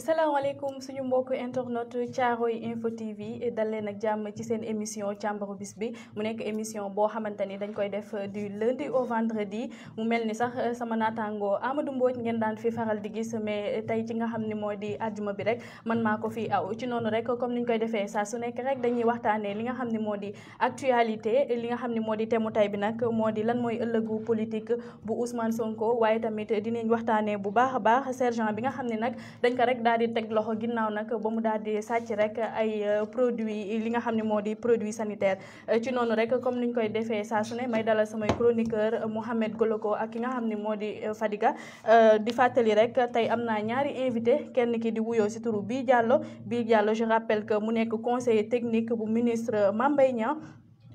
salaamaaleykum suñu mbokku internet Caaroy info TV dal leen ak jàmm ci seen émission càmbaru bis bi mu nekk émission boo xamante ni dañ koy def du lundi au vendredi mu mel ni sax sama naataango Amadou Mbodj ngeen daan fi faral di gis mais tey ci nga xam ne moo di àjjuma bi rek man maa ko fi aw ci noonu rek comme niñ koy defee saa su nekk rek dañuy waxtaanee li nga xam ni moo di actualité li nga xam ni moo di temu tey bi nag moo di lan mooy ëllëgu politique bu Ousmane Sonko waaye tamit dinañ waxtaanee bu baax a baax sergent bi nga xam ne nag dañ ko rek daal di teg loxo ginnaaw nag ba mu daal di sàcc rek ay euh, produits li nga xam ne moo di produit sanitaire euh, ci noonu rek comme niñ koy defee saa su ne may dalal samay chroniqueur euh, Mouhamed Goloko ak ki nga xam ni moo di Fadiga di fàttali rek tey am naa ñaari invité kenn ki di wuyoo si turu Bi Diallo Bi Diallo je rappelle que mu nekk conseil technique bu ministre Mame Mbaye Niang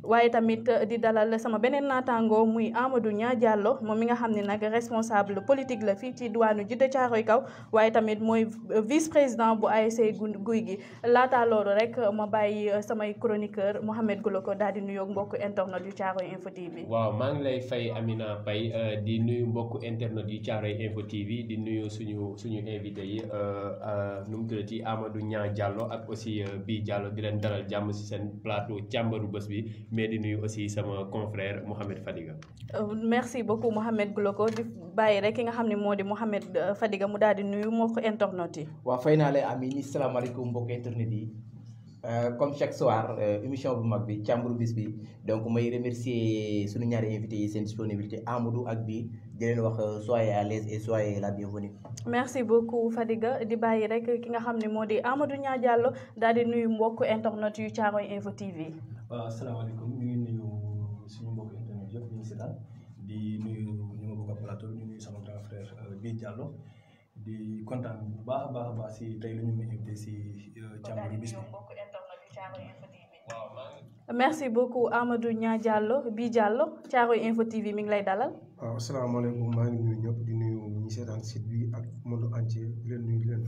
waaye tamit eh, di dalal sama beneen naataango muy Amadou ñaar Diallo moom mi nga xam ne nag responsable politique la fii ci diwaanu Jidda Caaroy Kaw waaye tamit mooy eh, vice président bu ay ASC Guy gi laataa loolu rek eh, ma bàyyi samay chroniqueur Mouhamed Goloko daal di nuyoog mbokku internet yu Caaroy Info TV. waaw maa lay fay Amina Paye di nuyu mbokku internet yu Caaroy Info TV di nuyu suñu suñu invité yi nu mu tuddati Amadou ñaar jàlloo ak aussi Bi Diallo di leen dalal jàmm si seen plateau càmbaru bës bi. mais di nuyu aussi sama confrère Mohamed Fadiga. Euh, merci beaucoup Mohamed Gloko di bàyyi rek ki nga xam ne moo di euh, Fadiga mu daal di nuyu moo ko internet yi. waaw fay naa leen Amine salaamaaleykum mbokk internet yi. Euh, comme chaque soir émission bu mag bi càmburu bis bi donc may remercier suñu ñaari invité yi seen disponibilité Amadou ak bii di leen wax soyez à l'aise et soyez la bienvenue merci beaucoup Fadiga di bàyyi rek ki nga xam ne moo di Amadou Niang Diallo daal di nuyu mbokk internet yu Caaroy Info TV waaw euh, asalaamaaleykum ñu ngi nuyu suñu mbokk internet yëpp ñu ngi si daal di nuyu ñu ma bokk plateau di nuyu sama grand frère Bi euh, Diallo di kontaan bu baax a baax baax si tey lu ñu ngi invité si euh, càmbali bis bi. merci beaucoup Amadou Nia Diallo Bi Diallo Thiaroye Info TV mi ngi lay dalal. waaw asalaamaaleykum maa ngi nuyu ñëpp di nuyu ñi seetaan site bi ak monde entier di leen nuyu di leen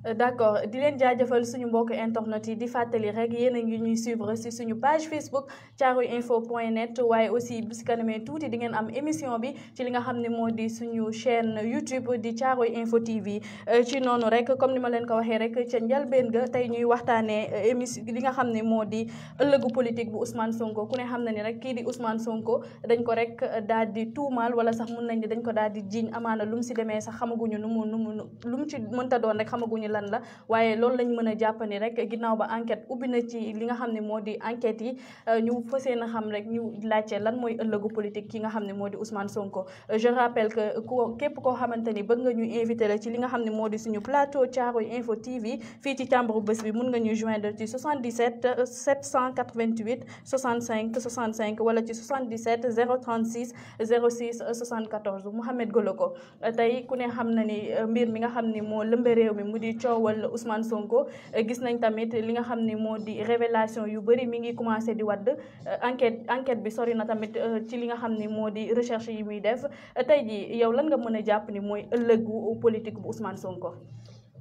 d'accord di leen jaajëfal suñu mbokk internet yi di fàttali rek yéen a ngi ñuy suivre si suñu page Facebook caaroy info point net waaye aussi bu si kanamee tuuti di ngeen am émission bi ci li nga xam ne moo di suñu chaîne YouTube di caaroy info TV euh, ci noonu rek comme ni ma leen ko waxee rek ca njalbeen ga tey ñuy waxtaanee euh, émission li nga xam ne moo di ëllëgu politique bu Ousmane Sonko ku ne xam na ni rek kii di Ousmane Sonko dañ ko rek daal di tuumaal wala sax mun nañ ni dañ ko daal di jiiñ amaana lu mu si demee sax xamaguñu nu mu nu mu lu mu ci mënta doon rek xamaguñu lan la waaye loolu lañ mën a jàpp rek ginnaaw ba enquête ubbi na ci li nga xam ne moo di enquête yi euh, ñu fas yéene xam rek ñu laajte lan mooy nga xam ne moo di Ousmane Sonko je rappelle que ku képp koo xamante ni bëgg nga ñu invité ci li nga xam ne moo di suñu plateau Thiaroye Info TV fii ci càmbaru bés bi mun nga ñu joindre ci 77 788 65 65 wala ci 77 036 06 74 Mouhamed Goloko tey ku ne xam na ni euh, mbir mi nga xam ni moo lëmbe mi mu di coowal Ousmane Sonko eh, gis nañ tamit li nga xam ni moo di révélation yu bëri mi ngi commencé di wadd eh, enquête enquête bi sori na tamit eh, ci li nga xam ni moo di recherche yi muy def tey ji yow lan nga mën a jàpp ni mooy ëllëgu politique bu Ousmane Sonko.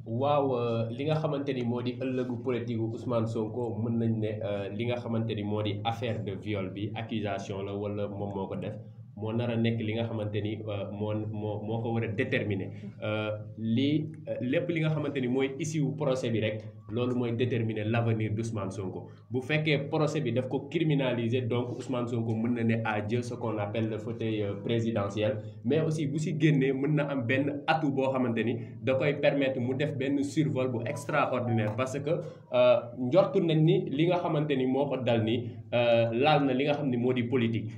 waaw li nga xamante ni moo di ëllëgu politique Ousmane Sonko mën nañ ne li nga xamante ni moo di affaire de viol bi accusation la wala moom moo ko def. moo nar nekk li nga xamante ni euh, moo moo moo ko war a déterminer euh, lii euh, lépp li nga xamante ni mooy issue procès bi rek loolu mooy déterminer l'avenir d'Ousmane ko bu fekkee procès bi daf ko criminaliser donc Ousmane Sonko mën na ne adieu ce qu'on appelle le fauteuil mais aussi bu si génnee mën na am benn atout boo xamante ni da koy permettre mu def benn survol bu extraordinaire parce que njortu nañ ni li nga xamante ni moo ko dal ni laal na li nga xam ni moo di politique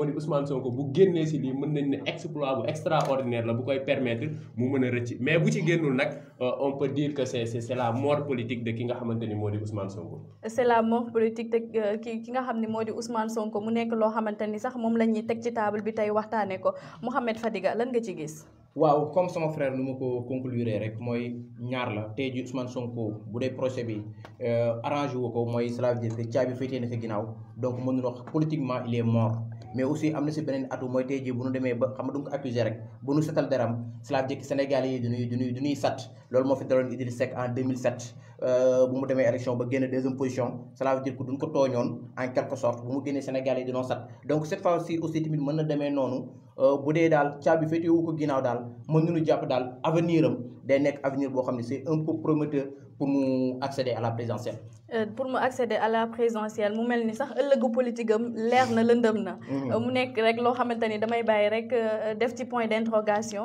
moo di Ousmane Sonko bu génnee si lii mën nañ ne exploit bu extraordinaire la bu koy permettre mu mën a rëcc mais bu ci génnul nag euh, on peut dire que c'est c'est la mort politique de ki nga xamante ni moo di Ousmane Sonko. c'est la mort politique de euh, ki nga xam ni moo di Ousmane Sonko mu nekk loo xamante ni sax moom la ñuy teg ci table bi tey waxtaanee ko Mouhamed Fadiga lan nga ci gis. waaw comme sama frère nu ma ko conclure rek mooy ñaar la tey jii Ousmane Sonko bu dee procès bi euh, arrangé wu ko mooy cela veut dire que caabi féetee na ko ginnaaw donc mënul wax politiquement il est mort mais aussi am na si beneen atu mooy tey jii bu nu demee ba xam nga du nga ko accusé rek bu nu setal deram cela veut dire que Sénégalais yi du ñuy du ñuy du ñuy sat loolu moo fi daloon Idriss Seck en 2007 euh, bu mu demee élection ba génn deuxième position cela veut dire que duñ ko tooñoon en quelque sorte bu mu génnee Sénégalais yi dinoo sat donc cette fois aussi aussi tamit mën na demee noonu. Euh, bu dal, daal caabi féetewu ko dal, daal mën ñu japp dal avenir am day avenir bo xam c'est un peu prometteur pour mu accéder à la présidentielle euh, pour mu accéder à la présidentielle mu melni sax ëllëgu politique am leer na lëndëm na. Mm-hmm. Euh, mu nekk rek loo xamante ni damay bàyyi rek euh, def ci point d' interrogation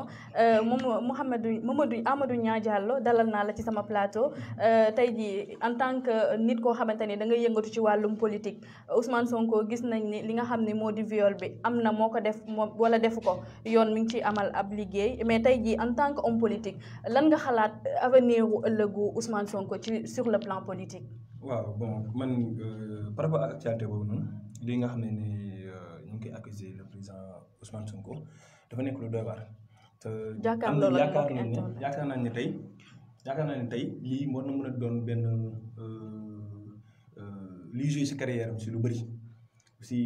moom Mouhamadou Mamadou Amadou Niang Diallo dalal naa la ci sama plateau tey jii en tant que nit koo xamante ni da nga yëngatu ci wàllum politique Ousmane Sonko gis nañ ni li nga xam ne moo di viol bi am na moo ko def wala defu ko yoon mi ngi ciy amal ab liggéey mais tey jii en tant que homme politique lan nga xalaat avenir ëllëgu Ousmane Sonko ci sur le plan politique. waaw bon man euh, par rapport ak actualité boobu noonu lii nga xam ne ni euh, ñu ngi koy accuser le président Ousmane Sonko dafa nekk lu doy waar. te am na yaakaar naa yaakaar naa ne tey yaakaar naa ne tey lii moo na mën a doon benn euh, liy joué si carrière am si lu bëri si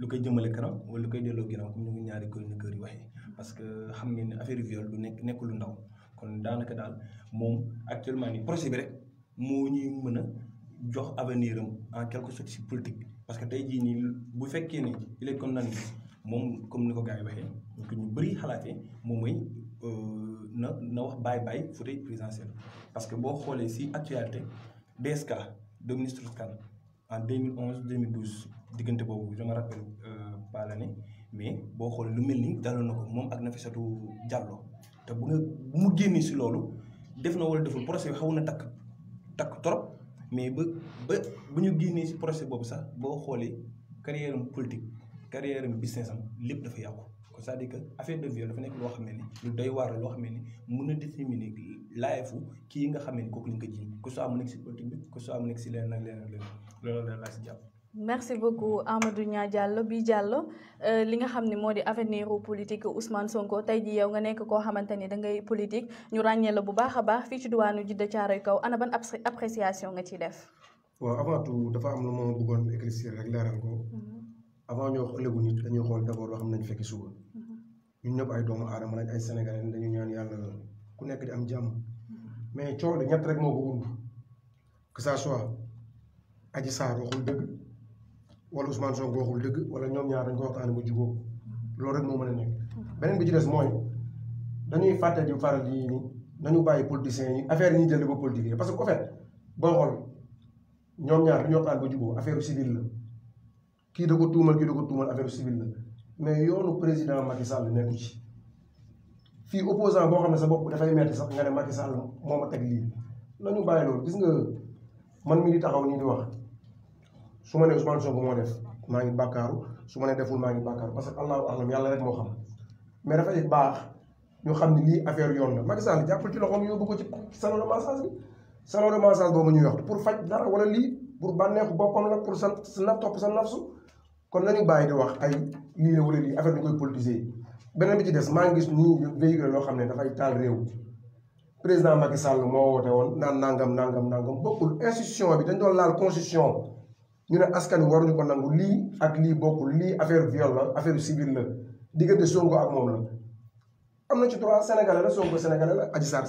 lu koy jëmale kanam wala lu koy delloo ginnaaw comme ni ñaari chroniqueur yi waxee parce que xam ngeen ne affaire viol du nekk nekk lu ndaw kon daanaka daal moom actuellement ni procès moo ñuy mën a jox avenir en quelque sorte si politique parce que day jii nii bu fekkee ne il est condamné moom comme ni ko gars yi waxee que ñu bëri xalaate moom mooy euh, na na wax baay bàyyi fauteuil présidentiel parce que boo xoolee si actualité DSK de ministre Kane en 2011 2012 diggante boobu je me rappelle euh, pas l'année mais boo xoolee lu mel ni daloon na ko moom ak na Nafissatou Diallo te bu nga bu mu génnee si loolu def na wala deful xaw na takk takk trop mais ba ba bu ñu génnee si projet boobu sax boo xoolee carrière am politique carrière am business am lépp dafa yàqu. kon c'est-à-dire que affaire de viol dafa nekk loo xam ne ni lu doy waar loo xam ne ni mën na déterminer laayefu kii nga xam ne ni kooku lañ ko jiiñ que soit mu nekk si politique bi que soit mu nekk si leneen ak leneen ak leneen laa si jàpp. merci beaucoup Amadou Nia Diallo bi Diallo euh, li nga xam ne moo di avenir politique Ousmane Sonko tey ji yow nga nekk koo xamante ni da ngay politique ñu ràññee la bu baax a baax fii ci diwaanu Jidda Caaroy kaw ana ban appréciation nga ciy def. waaw avant dafa am lu ma bëggoon éclaircir rek leeral ko. Mm-hmm. avant ñoo wax xool d' loo xam nañ fekki suba. Mm-hmm. ñun ñëpp ay doomu aadama lañ ay sénégalais dañu ñaan yàlla ku nekk di am jàmm. Mm-hmm. mais coow de ñett rek moo ko wund que ça soit aji saar waxul dëgg. wala Ousmane Sonko waxul dëgg wala ñoom ñaar dañ ko waxtaane mu jubóo loolu rek moo mën a nekk beneen bi ci des mooy dañuy fàtte di faral yi ni nañu bàyyi politiciens yi affaire yi ñuy jël ba politique parce que au fait boo xool ñoom ñaar dañu waxtaan ba jubóo affaire civile la kii da ko tuumal kii da tuumal affaire civile la mais yoonu président Macky Sall nekku ci fii opposant boo xam ne sa bopp dafay sax nga ne Sall moo ma teg lii nañu bàyyi loolu gis nga man mi di taxaw nii di wax su ma ne Ousmane Sonko moo def maa ngi bakaru su ma ne deful ma ngi bakaru parce que allahu alam yalla rek mo xam mais dafay baax ñu xam ne lii affaire yoon la Macky Sall jappul ci loxom ñu bëgg ci salon de massage bi salon de massage boobu ñu yox pour faj dara wala li pour bànneexu boppam la pour sa sa naf topp sa nafsu kon nañu bàyyi di wax ay lii la wala lii affaire bi politiser benen bi ci dess ma ngi gis nii véhicule lo xam da fay tal rew président Macky Sall mo woote won naan nangam nangam nangam bokkul institution bi dañ doon laal constitution ñu ne askan war waruñu ko nangu lii ak lii bokkul lii affaire viol la affaire civile la diggante Sonko ak moom la. am na ci droit sénégalais la Sonko ak la Adji Sarr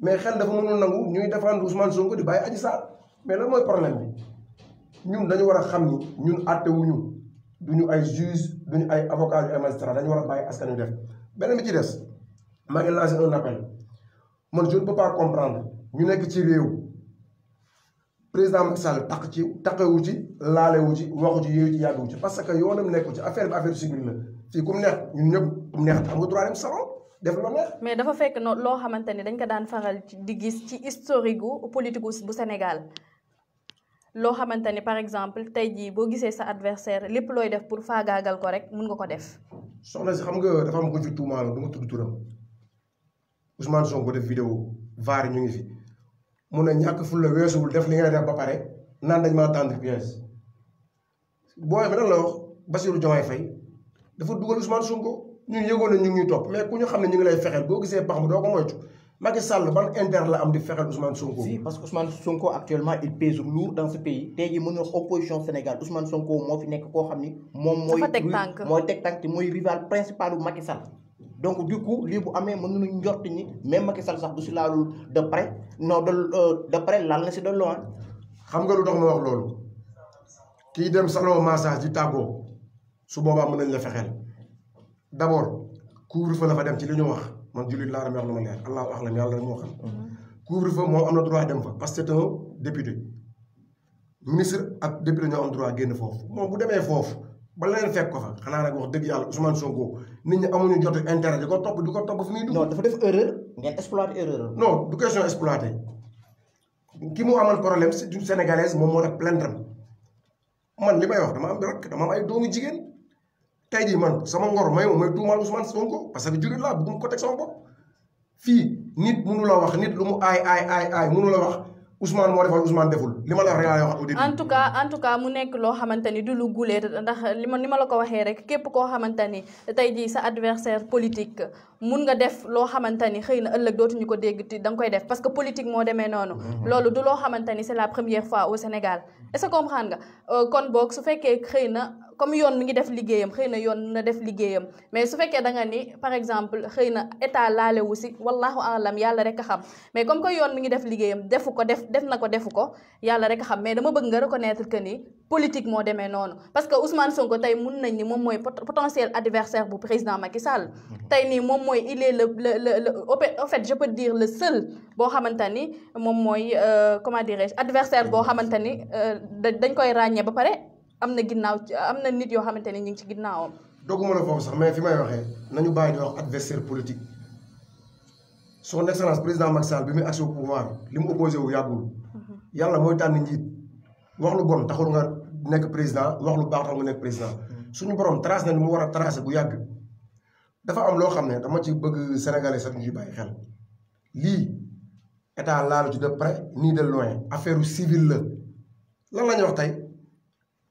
mais xel dafa mënul nangu ñuy défendre Ousmane Sonko di bàyyi Adji Sarr mais lan mooy problème bi ñun dañu war a xam ni ñun àttewuñu duñu ay juge ñu ay avocat yu ay magistrat dañu war a bàyyi askan wi def beneen bi ci des maa ngi lancé un appel man je ne comprendre ñu nekk ci réew. président Macky Sall taq ci taqewu ci laalewu ci waxu ci yooyu ci yàggu ci parce que yoonam nekku ci affaire bi affaire civile la fii ku neex ñun ñep kum mu neex am nga droit dem salon def la neex. mais dafa fekk no lo xamante dañ ko daan faral di gis ci historique gu politique bu Sénégal lo xamante par exemple tay jii bo gisee sa adversaire lepp loy def pour faagaagal ko rek mën nga ko def. soxna si xam nga dafa am ko ci tuumaal du ma tuddu turam Ousmane Sonko def vidéo var ñu ngi fi mun ñak ñàkk ful la weesuwul def li ngay def ba paré naan dañ ma tendre piège boy bi lan la wax Bassirou Diomaye fay dafa duggal Ousmane Sonko ñun yëgoon na ñu ngi top mais ku ñu xam ñu ngi lay fexel bo gisee pax mu doo ko moytu Macky Sall ban inter la am di fexel Ousmane Sonko. si parce que Ousmane Sonko actuellement il pèse lourd dans ce pays tey jii mën opposition Sénégal Ousmane Sonko mo fi nek ko xamni mom moy moy mooy teg tànk rival principal bu Macky Sall. donc du coup li bu amé mën nañu ñort ni même Macky Sall sax du ci laalul de euh, près no de de près lan la ci de loin xam nga lu dox ma wax lolu ki dem salon massage di tago su boba mën nañ la fexel d'abord couvre fa la fa dem ci li ñu wax man julit la ramex luma leer allah wax la ñal la mo xam mhm. couvre fa mo amna droit dem fa parce que c'est un député ministre ak député ñoo am droit genn fofu mo bu démé fofu ba leen fekk ko fa xanaa nag wax dëgg yàlla Ousmane Sonko nit ñi amuñu jot intérêt di ko topp di ko topp fu muy dugg. non dafa def erreur ngeen exploité erreur non du question exploité ki mu amal problème c'est une sénégalaise moom moo def plaindre man li may wax dama am rek dama am ay doomu jigéen tey jii man sama ngor may ma may tuumaal Ousmane Sonko parce que jurit laa bëgguma ko teg sama bopp fii nit mënu la wax nit lu mu aay aay aay aay la wax. Ousmane moo defal Ousmane deful li ma la wax wax au début. en tout cas en tout cas mu nekk loo xamante ni du lu gulee ndax li ma ni ma la ko waxee rek képp koo xamante ni tey jii sa adversaire politique mun nga def lo xamante xeyna xëy dootu ñuko dégg ti dang koy def parce que politique mo démé nonu mhm. loolu du lo xamante c'est la première fois au Sénégal est-ce que comprendre nga euh, kon bok su féké xeyna comme yoon mi ngi def liggéeyam xeyna yoon na def liggéeyam mais su féké da nga ni par exemple xeyna état laale wu si wallahu alam yalla rek xam mais comme ko yoon mi ngi def liggéeyam defu ko def def na ko defu ko yàlla rek xam mais dama bëgg nga reconnaître que ni politique mo démé nonu parce que Ousmane Sonko tay mun nañ ni mom moy potentiel adversaire bu président Macky Sall mhm. tay ni mom mooy il est le le le en fait je peux dire le seul bo xamantani mom moy euh, comment dirais-je adversaire bo xamantani euh, dañ koy ragné ba paré amna ginnaw amna nit yo xamantani ñing ci ginnaw dogu la fofu sax mais fi may waxé nañu bàyyi di wax adversaire politique son excellence président Macky Sall bi muy accès pouvoir limu opposé wu yagul mm-hmm. yalla moy tan njiit wax lu bon taxul nga nek président wax lu baax taxul nga nek président mm-hmm. suñu borom trace na li mu wara tracer bu yag dafa am loo xam ne dama ci bëgg sénégalais sax ñu bàyyi xel lii état laalu ci de nii de loin affaire civile la lan la ñu wax tey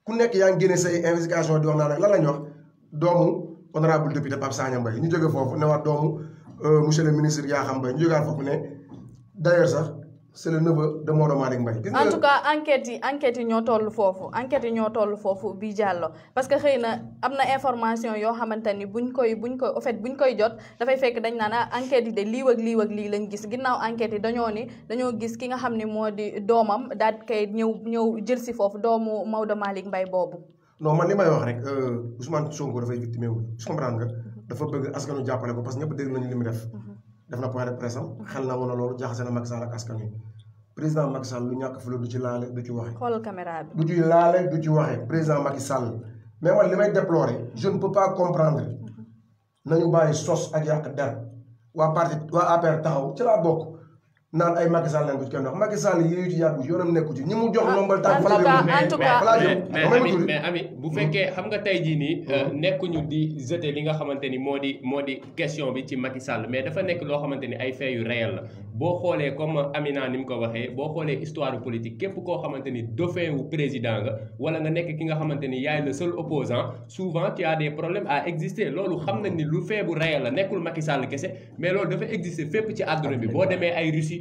ku nekk yaa ngi génne say investigation di wax naa nag lan la ñu wax doomu honorable député Pape Sagna Mbaye ñu jóge foofu ne waat doomu euh, monsieur le ministre yaa xam Mbaye ñu jógaat foofu ne d'ailleurs sax c' est le neveu de Maodo Malick Mbaye. en tout cas enquêtes yi enquêtes yi ñoo toll foofu enquêtes ñoo toll foofu bii jàllo parce que xëy na am na information yoo xamante ni buñ koy buñ koy en fait buñ koy jot dafay fekk dañ naan ah enquêtes yi de lii ak lii lañ gis ginnaaw enquêtes yi dañoo ni dañoo gis ki nga xam ni moo di doomam daal di ñëw ñëw jël si foofu doomu Maodo Malick Mbaye boobu. non man li may wax rek euh, Ousmane Sonko dafay victime wu je comprends nga. Mhm. dafa bëgg askanu jàppale ko parce que ñëpp dégg nañu li mu def. Mhm. def na point de presse am xel na wala loolu jaxase na Macky Sall ak askan wi président Macky Sall lu ñàkk fula du ci laale du ci waxe xool caméra bi du ci laale du ci waxee président Macky Sall mais man li may déplorer jeune ne peux pas comprendre nañu bàyyi sos ak yàq der waa parti waa APR taxaw ci laa bokk. naan ay Macky Sall ko ci kenn wax Macky Sall mais ami bu xam nga euh, mm-hmm. di li nga question bi ci mais dafa ay yu mm-hmm. comme Amina nim ko bo xolé histoire politique képp ko xamanteni président nga wala nga le seul opposant souvent tu as des problèmes à exister loolu xam ni lu fait bu réel la mais dafa exister ci ay Russie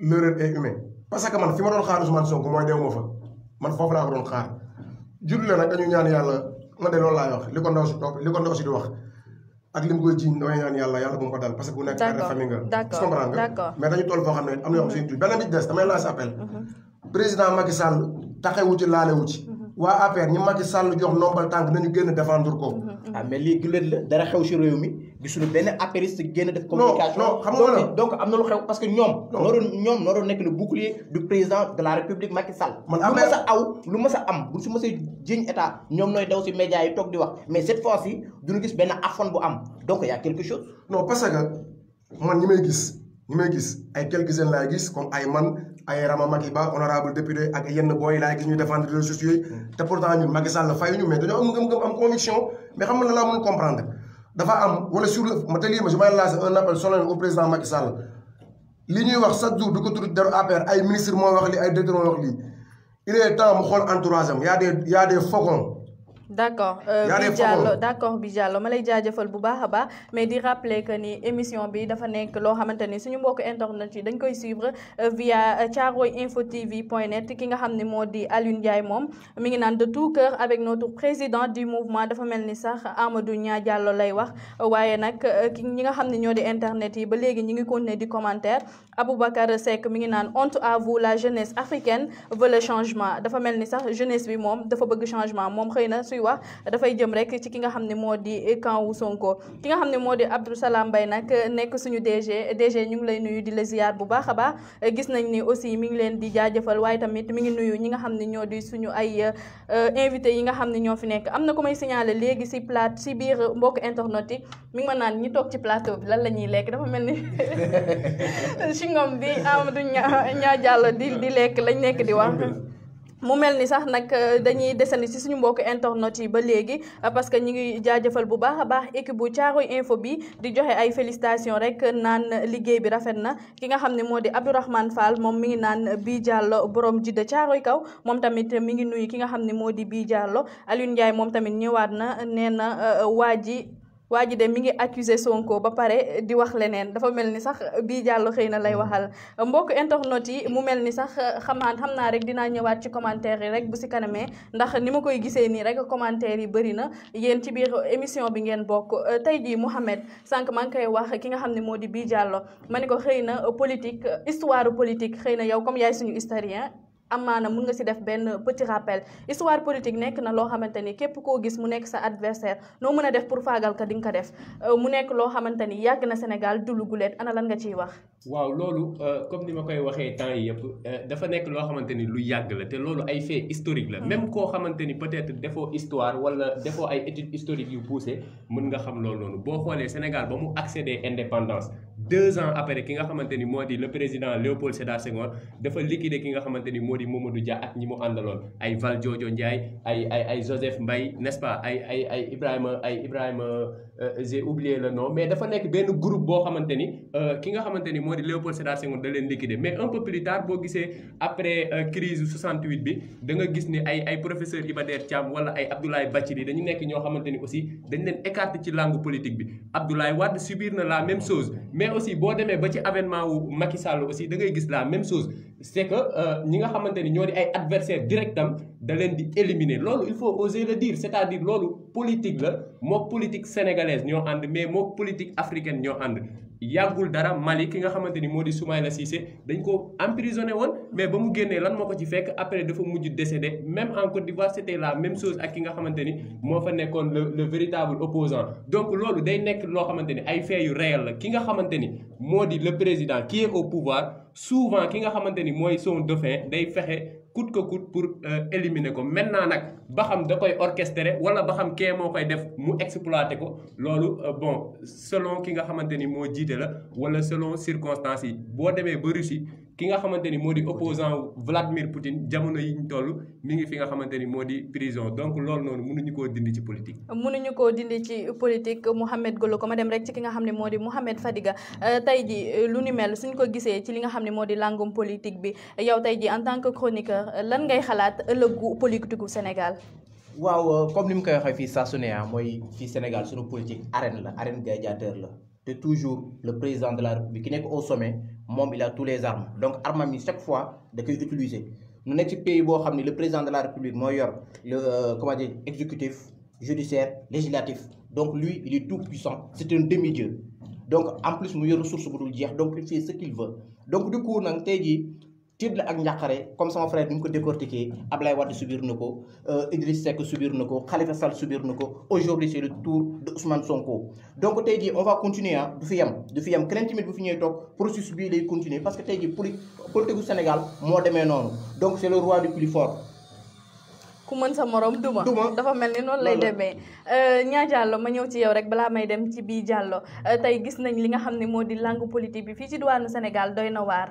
l'erreur est humaine parce que man fi ma doon xaar Ousmane Sonko mooy dew ma fa man foofu laa ko doon xaar jur la nag dañu ñaan yàlla ma de loolu laay wax li ko ndaw si topp li ko ndaw si di wax ak li mu koy jiiñ damay ko dal dañu toll foo xam ne am na yoo xam suñu tuuti beneen bi des damay lancer appel mhm. président Macky Sall taxewu ci laalewu ci mhm. waa APR ñi Macky Sall jox nombal tànk nañu génn défendre ko mhm, ah mais lii dara xew si réew mi gisuñu benn apériste génn def communication non xam nga donc am na lu xew parce que ñoom noo doon ñoom noo doon nekk le bouclier du président de la république Macky Sall man lu ma sa aw lu ma sa am bu su ma sa jiñ état ñoom nooy daw si médias yi toog di wax mais cette fois ci duñu gis benn affront bu am donc y a quelque chose non parce que man ñi may gis ñi may gis ay quelques-uns laay gis comme ay man ay Rama Macky Ba honorable député ak yenn booy laay gis ñuy défendre les ressources yooyu mm. te pourtant ñun Macky Sall la fayuñu mais dañoo am ngëm-ngëm am conviction mais xam nga la laa comprendre dafa am wala sur le ma te lii ma je vais lancer un au président Macky Sall li ñuy wax chaque jour du ko tudd deru APR ay ministre moo wax li ay directeur moo wax lii il temps mu xool entourage am y a des y d'accord euh, accord d'accord Diallo d' accord Bi Diallo ma bu mais di rappeler que ni émission bi dafa nekk loo xamante suñu mbokk internet yi dañ koy suivre euh, via euh, Thiaroye info point net ki nga xam ne moo di Alioune mi ngi de tout cœur avec notre président du mouvement dafa mel ni sax Amadou Nia Diallo lay wax waaye nag ki ñi nga xam ñoo di internet yi ba léegi ñi ngi continuer di commentaire Aboubacar Seck mi ngi en honte à vous la jeunesse africaine veut le changement dafa mel ni sax jeunesse bi moom dafa bëgg changement moom xëy suy wax dafay jëm rek ci ki nga xam ne moo di camp wu Sonko ki nga xam ne moo di Abdou Salam bay nag nekk suñu DG DG ñu ngi lay nuyu di la ziar bu baax a baax gis nañ ni aussi mi ngi leen di jaajëfal waaye tamit mu ngi nuyu ñi nga xam ni ñoo di suñu ay euh, invité yi nga xam ne ñoo fi nekk am na ku may signaler léegi si plate si biir mbokk internet yi mi ngi ma naan ñi toog ci plateau bi lan la ñuy lekk dafa mel ni chingom bi Amadou ñaa ñaa di di lekk lañ nekk di mu mel ni sax nag dañuy desandi si suñu mbokk internet yi ba léegi parce que ñu ngi jaajëfal bu baax baax équipe bu caaru info bi di joxe ay félicitations rek naan liggéey bi rafet na ki nga xam ne moo di abdourahmane fall moom mi ngi naan bii jàllo borom jidda caaru kaw moom tamit mi ngi nuyu ki nga xam ne moo di aliou ndiaye moom tamit ñëwaat na nee na eh, waa ji de mi ngi accusé Sonko ba pare di wax leneen dafa mel ni sax bii jàll xëy na lay mm. waxal mbokk internet yi mu mel ni sax euh, xamaan xam naa rek dinaa ñëwaat ci commentaire yi rek bu si kanamee ndax ni ma koy gisee nii rek commentaire yi bëri na yéen ci biir émission bi ngeen bokk euh, tey jii Mouhamed sànq man ngi koy wax ki nga xam ne moo di bii jàllo ma ne ko xëy na politique histoire politique xëy na yow comme yaay suñu historien amaana mun nga si def benn petit rappel histoire politique nekk na loo xamante ni képp koo gis mu nekk sa adversaire noo mën a def pour faagal ka di nga ko def euh, mu nekk loo xamante ni yàgg na Sénégal du lu guleet ana lan nga ciy wax. waaw loolu euh, comme ni ma koy waxee temps yi yëpp euh, dafa nekk loo xamante ni lu yàgg la te loolu ay fait historique la. Mm. même koo xamante ni peut-être defoo histoire wala defoo ay études historiques yu poussé mën nga xam loolu boo xoolee Sénégal ba mu accéder indépendance. deux ans après ki nga xamante ni moo di le président wodi momadou dia at ñi mu andalon ay val jojo ndjay ay ay ay joseph mbay n'est-ce pas ay ay ay ibrahima ay ibrahima Euh, j'ai oublié le nom mais dafa nekk benn groupe boo xamante ni euh, ki nga xamante ni moo di Léopold Sédar Senghor da leen liquider mais un peu plus tard boo gisee après euh, crise 68 bi da nga gis ni ay ay professeur Iba Der Thiam wala ay Abdoulaye Bathily dañu nekk ñoo xamante ni aussi dañ leen écarté ci langue politique bi Abdoulaye Wade biir na la même chose mais aussi boo demee ba ci avènement wu Macky Sall aussi da ngay gis la même chose c'est que ñi nga xamante ni ñoo di ay adversaire directam da leen di éliminer loolu il faut oser le dire c'est-à-dire loolu politique la mot politique sénégalaise ñoo and, mais mot politique africaine ñoo and. Yagoul dara Mali ki nga xamante ni moo di Soumaïla Cissé dañ ko emprisonné woon mais ba mu génnee lan moo ko ci fekk après dafa mujj décédé même en Côte d'Ivoire c'était la même chose ak ki nga xamante ni moi fa le le véritable opposant donc loolu day nekk loo xamante ni ay faits yu réel la ki nga xamante ni le président qui est au pouvoir souvent ki nga xamante ni ils son dauphin day fexe coûte que coûte pour euh, éliminer maintenant il ba da koy orchestré wala selon ki nga xamanteni mo selon circonstances ki nga xamante ni moo di opposant Vladimir Poutine jamono yi ñu toll mi ngi fi nga xamante ni moo di prison donc loolu noonu mënuñu koo dindi ci politique. mënuñu koo dindi ci politique Mouhamed Golo ko ma dem rek ci ki nga xam ne moo di Mouhamed Fadiga euh, tey ji euh, lu ni mel suñ ko gisee ci li nga xam ne moo di langum politique bi yow tey ji en tant que chroniqueur lan ngay xalaat ëllëgu politique gu Sénégal. waaw euh, comme ni mu koy waxee fii saa su ne ah, mooy fii Sénégal sunu politique arène la arène gladiateur la. de toujours le président de la République qui n'est au sommet il a tous les armes donc à chaque fois de koy utiliser Nous nekk pays le président de la République le euh, comment dire exécutif judiciaire législatif donc lui il est tout puissant c'est un demi-dieu donc en plus avons yor ressources pour lui dire. donc il fait ce qu'il veut donc du coup nous avons dit tiit là ak njàqare comme sama frère bi ko décortiquer Ablaye Wade subir na ko euh, Idriss Seck subir na ko Khalifa Sall subir na ko aujourd'hui c'est le tour de Ousmane Sonko. donc tay jii on va continuer hein, du fi yam du fi yam keneen timit bu fi ñëwee toog processus bi lay continuer parce que tay jii politique du Sénégal mo démé non donc c'est le roi du plus fort. ku mën sa morom duma dafa melni non noonu lay demee ñaa euh, jàllo ma ñëw ci yow rek bala may dem ci bi jàllo euh, tay gis nañ li nga xam modi langue politique bi fi ci diwaanu Sénégal doyna war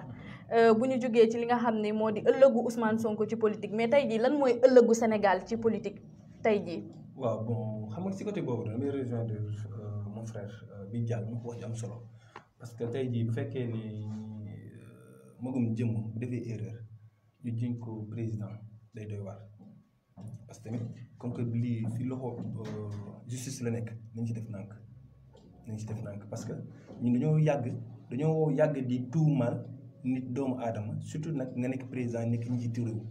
Euh, bu ñu jógee ci li nga xam ne moo di ëllëgu Ousmane Sonko ci politique mais tey jii lan mooy ëllëgu Sénégal ci politique tey jii. waaw bon xam nga si côté boobu damay rejoindre euh, mon frère euh, bi jàll mu ko am solo parce que tey jii bu fekkee ni magum jëmm bu defee erreur ñu juñ ko président day doy waar parce que tamit comme que lii fi loxo justice la nekk nañ ci def nànk nañ ci def nànk parce que ñun dañoo yàgg dañoo yàgg di tuumaal. nit doomu aadama surtout nag nga nekk président nekk njiitu réew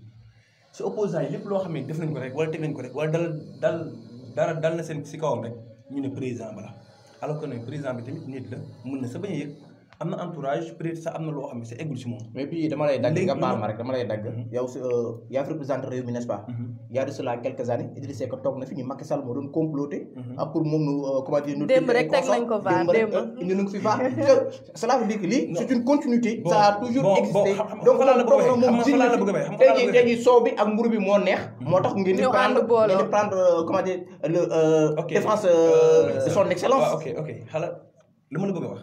su opposant yi lépp loo xam ne def nañ ko rek wala teg nañ ko rek wala dal dal dara dal na seen si kawam rek ñu ne président ba la alors que ne président bi tamit nit la mun na sa bañ a am na entourage peut être am na loo xam ne sa eggul moom. mais puis dama lay dagg nga baal ma rek dama lay dagg. Mhm. yow su euh, yaa réew mi nest pas. Mhm. y a de cela quelques années Idriss Seck toog na fi ñu Macky Sall moo doon comploté. Mhm. ak ah, pour moom nu euh, comment dire. nu démb rek teg nañ fi lii c'est une continuité. ça toujours existé donc moom ji jii soow bi ak mburu bi moo neex. moo tax ngeen di prendre ngeen di prendre euh, comment dire de son excellence. waaw ok ok xala li ma la bëgg wax.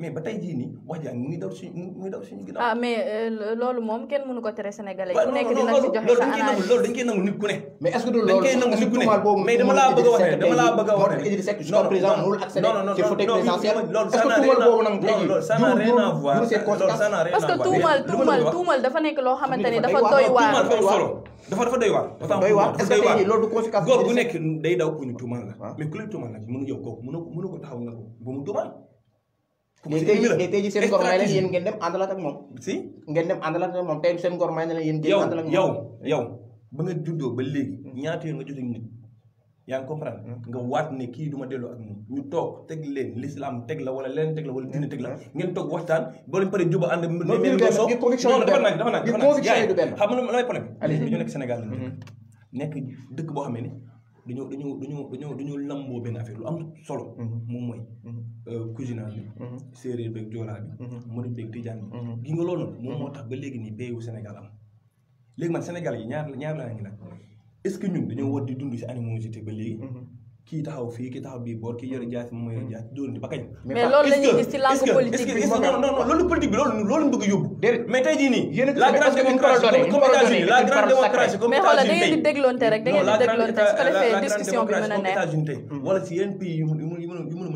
mais ba tey jii nii wax jaa mu ngi daw suñu mu ngi daw suñu ginnaaw. ah mais euh, loolu moom kenn mënu ko tere sénégalais yi. ku nekk dina ci joxe sa analyse loolu dañ koy nangu nit ku ne. mais est-ce que du loolu dañ koy nangu nit ku ne mais dama laa bëgg a wax dama laa bëgg a wax non non non non non non non non non non non non non mais tey jii seen ngor may na yéen ngeen dem àndalaat ak moom si ngeen dem àndalaat ak moom tey seen ngor may na la yéen yow yow yow ba nga juddoo ba léegi mm. ñaata yoon nga jot ak nit yaa ngi comprendre mm. nga waat ne kii du ma delloo ak moom ñu toog teg leen l'islam teg la wala leneen teg la wala diine teg la mm. ngeen toog waxtaan boo leen paree juba ànd conviction dafa nag dafa nag conviction yi du benn xam nga la may problème ñu nekk Sénégal mm-hmm. nekk dëkk boo xam ne dañoo dañoo dañoo dañoo dañoo lamboo benn affaire lu am solo. Mhm. moom mooy. Mhm. Euh, cousinage bi. Mhm. séeréer beeg bi. murid beeg tijaan bi. gi nga loolu nag moom moo tax ba léegi nii béyu Sénégal am léegi man senegal yi ñaar ñaar laa ngi nag est-ce que ñun dañoo war di dund si animosité ba léegi. kii taxaw mais loolu la politique non non non politique la grande démocratie comme la grande démocratie comme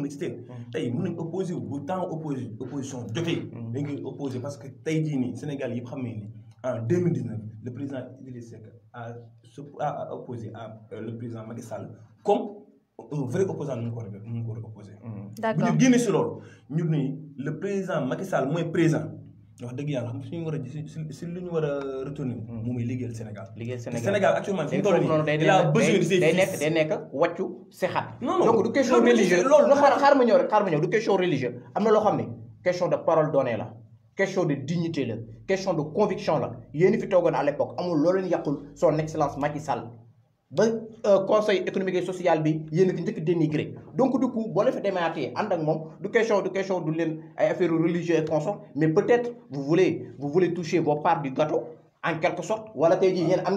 pays mm-hmm. opposé opposition mm-hmm. opposé parce que tey Sénégal ni en 2019 le président Seck a opposé à euh, le président Macky Sall vrai opposant non mm. ñu non war opposé. d'accord bu ñu sur si loolu le président Macky Sall mooy présent wax deug yalla suñu war a si si lu ñu war a mm. Sénégal. liggéeyal Sénégal Sénégal actuellement fi mu il a besoin de des nek day nek waccu sexaat. non non donc du question religieux loolu non xaaral xaaral ma ñëw rek xaaral ma ñëw du question religieux amna lo xamné question de parole donnée la. question de dignité la question de conviction la yéen fi togon à l'époque amul loolu leen yàqul son excellence Macky Sall le euh, conseil économique et social bi dénigré donc du coup boo la fi des ànd ak moom du question question affaires religieuses et consorts mais peut-être vous voulez vous voulez toucher vos parts du gâteau en quelque sorte voilà, tey jii yéen am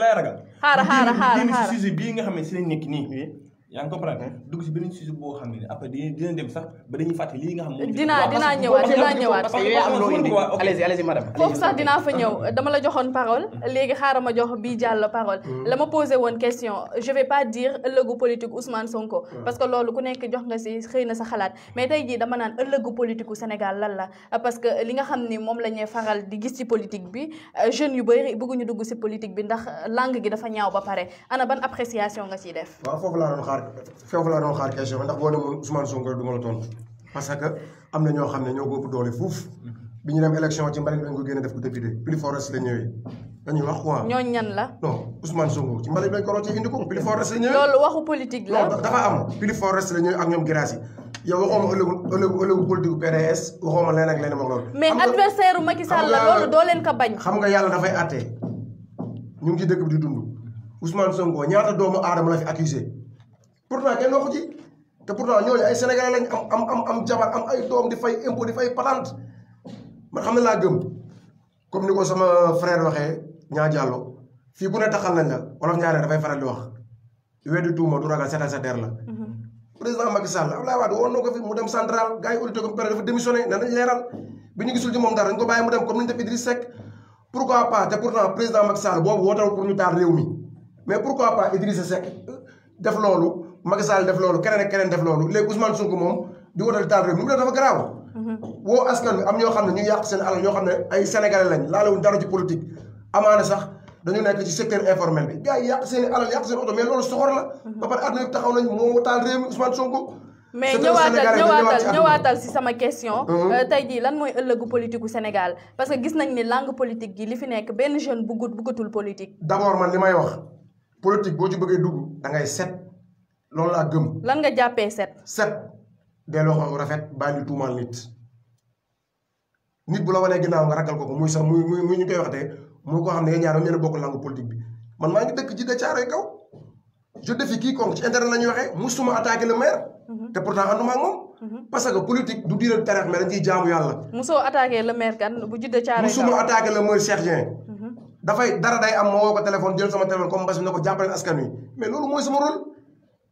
la ragal. xaaral xaaral xaaral xaaral bii nga xam ne si lañ nekk nii. yaa ngi comprendre mm-hmm. dugg dina dem allez-y allez madame sax fa ñëw dama la parole mm-hmm. léegi xaaral ma jox parole mm-hmm. la posé question je vais pas dire ëllëgu politique Ousmane Sonko parce que loolu ku nekk jox nga si xëy mais dama politique Sénégal parce que li nga xam la politique bi euh, jeunes yu dugg politique bi ndax langue gi dafa ñaaw ba ana ban appréciation nga def xaar foofu laa doon xaar question ndax boo demoon Ousmane Sonko du ma la tontu parce que am na ñoo xam ne ñoo ko ëpp doole fuuf bi ñu dem élection ci mbalit bi dañ ko génne def ko député plus forest la ñëwee dañuy ci mbalit bi dañ ko rocce indi ko plus forest la waxu politique la. dafa am plus forest la ñëwee ak ñoom grâce yow waxoo ma ëllëgu ëllëgu ëllëgu politique PDS waxoo ma leneen ak leneen moom loolu. mais adversaire Macky la loolu doo leen bañ. xam nga yàlla dafay àtte ñu ngi ci dëkk bi di dund Ousmane Sonko ñaata doomu aadama la fi pourtant kenn waxu ci te pourtant ñooñu ay sénégalais lañ am am am am jabar ay doom di fay impôt di fay patente man xam ne laa gëm comme ni ko sama frère waxee ñaa jàllo fii bu ne taxal nañ la wolof ñaaree dafay faral di wax weddi tuuma du ragal seetal sa der la mhm. président Macky Sall Abdoulaye Wade woon na ko fi mu dem central gars yi audité ko pare dafa démissionné ne nañ leeral bi ñu gisul ci moom dara dañ ko bàyyi mu dem comme ni ñu def Idriss Seck pourquoi pas te pour ñu mais pourquoi pas Idriss Seck euh, def loolu Macky Sall def loolu keneen ak keneen def loolu léegi Ousmane Sonko moom di wóotal dafa garaaw. Mhm. woo askan bi am ñoo xam ne ñu yàq seen alal ñoo xam ne ay sénégalais lañ laalewuñ dara ci politique amaana sax. dañu nekk ci secteur informel bi gars yàq seen alal yàq seen oto mais loolu soxor la. Mhm. ba pare àdduna bi taxaw nañu moo taal réew mi Ousmane Sonko. mais ñëwaatal ñëwaatal si sama question. Mhm. Euh, tey jii lan mooy ëllëgu politique gu Sénégal parce que gis nañ ni langue politique gi li fi nekk benn jeune bu gut bëggatul politique. d' man li may wax politique boo ci bëggee dugg da loolu laa gëm. lan nga jàppee set. set delloo ko rafet bàyyi ngi tuumaal nit nit bu la wanee ginnaaw nga ragal ko ko muy sax muy muy ñu koy waxatee muy koo xam ne ñaar ñoo bokk langue politique bi man maa ngi dëkk ji da caaree kaw. je défie quiconque ci la ñuy waxee musuma attaqué le maire. Mhm. te pourtant ànduma ak moom. Mhm. parce que politique du diiral tarex mais dañ ciy jaamu yàlla. musoo attaqué le maire kan bu juddee caaree kaw musuma attaqué le maire Cheikh mhm. dafay dara day am ma woo ko téléphone jël sama téléphone comme mbas mi ne ko jàppale askan wi mais loolu mooy sama rôle.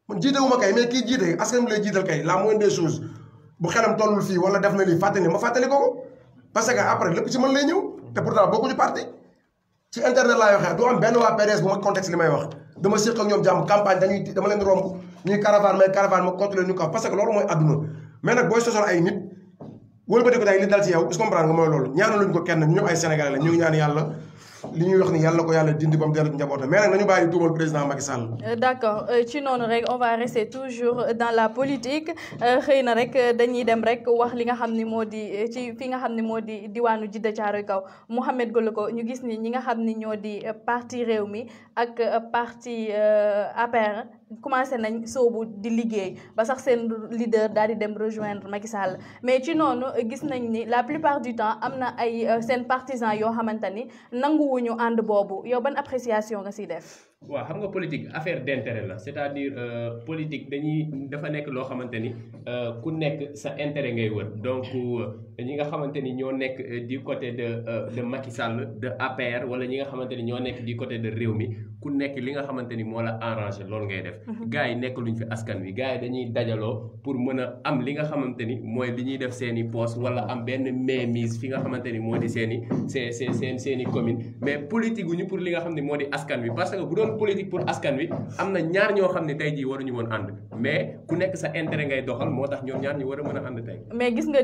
man jiitewuma kay mais kii jiite askan bi lay jiital kay la moindre des choses bu xelam tollul fii wala def na lii fàttali ma fàttali ko ko après lépp ci man lay ñëw te pourtant bokkuñu ak ñoom ko day li nga mooy loolu ñaanaluñ ko kenn ñu ñëpp ay sénégalais la ñu ñaan yàlla li ñuy wax ni yàlla ko yàlla dindi ba mu dellu njabootam mais nag nañu bàyyi tuumal président Macky Sall. Euh, d' accord euh, ci noonu rek on va rester toujours dans la politique euh, xëy na rek dañuy dem rek wax li nga xam ni moo di ci fi nga xam ni moo di diwaanu Jidda Caaroy Kaw Mouhamed Goloko ñu gis ni ñi nga xam ni ñoo di parti réew mi ak parti APR commencé nañ soobu di liggéey ba sax seen leader daal di dem rejoindre Macky Sall mais ci noonu gis nañ ni la plupart du temps am na ay euh, seen partisans yoo xamante ni nanguwuñu ànd boobu yow ban appréciation nga siy def. waaw xam nga politique affaire d'intérêt la c'est-à-dire euh, politique dañuy dafa nekk loo xamante ni euh, ku nekk sa intérêt ngay wër donc. ñi nga xamante ni ñoo nekk euh, du côté de euh, de Macky Sall de APR wala ñi nga xamante ni ñoo nekk du côté de réew mi ku nekk li nga xamante ni moo la arrangé loolu ngay def. Mm-hmm. gars yi nekk luñ fi askan wi gars yi dañuy dajaloo pour mën am li nga xamante ni mooy li ñuy def seen i poste wala am benn mainmise fi nga xamante ni moo di seen i seen seen seen commune mais politique gu ñu pour li nga xam ne moo di askan wi parce que bu doon politique pour askan wi am na ñaar ñoo xam ne tey jii waruñu woon ànd mais ku nekk sa intérêt ngay doxal moo tax ñoom ñaar ñu war a mën a ànd tey. mais gis nga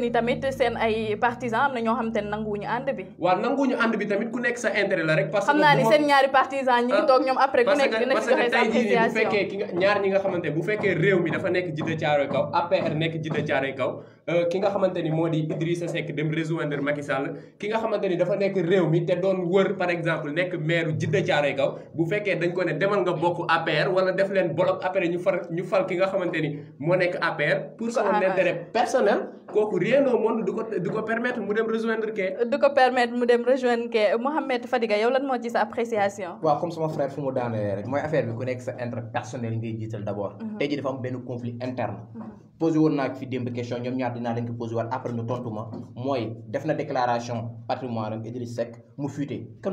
ay partisans am na ñoo xamante ne nanguwuñu ànd bi. waaw nanguwuñu ànd bi tamit ku nekk sa intérêt la rek. parce que xam naa ni seen ñaari partisans ñi ngi ah, toog ñoom après. ku nekk dina sa appréciation parce que tey bu fekkee ki nga ñaar ñi nga xamante bu fekkee réew mi dafa nekk Djiddah Thiaroye Kaw APR nekk Djiddah Thiaroye Kaw Euh, ki nga xamante ni moo di Idrissa Seck dem rejoindre Macky Sall ki nga xamante ni dafa nekk réew mi te doon wër par exemple nekk maire Jidda Caaroy Kaw bu fekkee dañ ko ne demal nga bokk APR wala def leen bloc APR ñu far ñu fal ki nga xamante ni moo nekk APR pour son intérêt personnel kooku rien au monde du ko du ko permettre mu dem rejoindre kee du ko permettre mu dem rejoindre kee Mohamed Fadiga yow lan moo ci sa appréciation waaw comme sama frère fu mu daanee rek mooy affaire bi ku nekk sa intérêt personnel ngay jiital d'abord mhm. tey ji dafa am benn conflit interne mhm posé woon question après ñu Moi, déclaration patrimoine et Idriss Seck mu fuité kan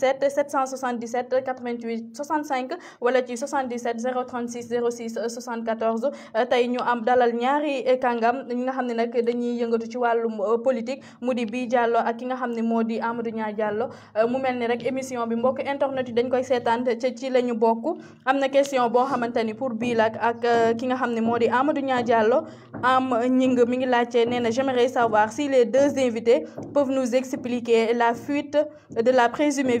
77 777 88 65 wala ci 77 036 06 74 tay ñu am dalal ñaari kàngam ñi nga xamni nak dañuy yëngatu ci walum euh, politique mudi Bi Diallo ak ki nga xamni modi Amadou Niang Diallo euh, mu melni rek émission bi mbokk internet yi dañ koy seetaan ci ci lañu ñu bokk am question bo xamante pour bilak ak euh, ki nga xamni modi Amadou Niang Diallo am ñing mi ngi laajte néna j'aimerais savoir si les deux invités peuvent nous expliquer la fuite de la présumée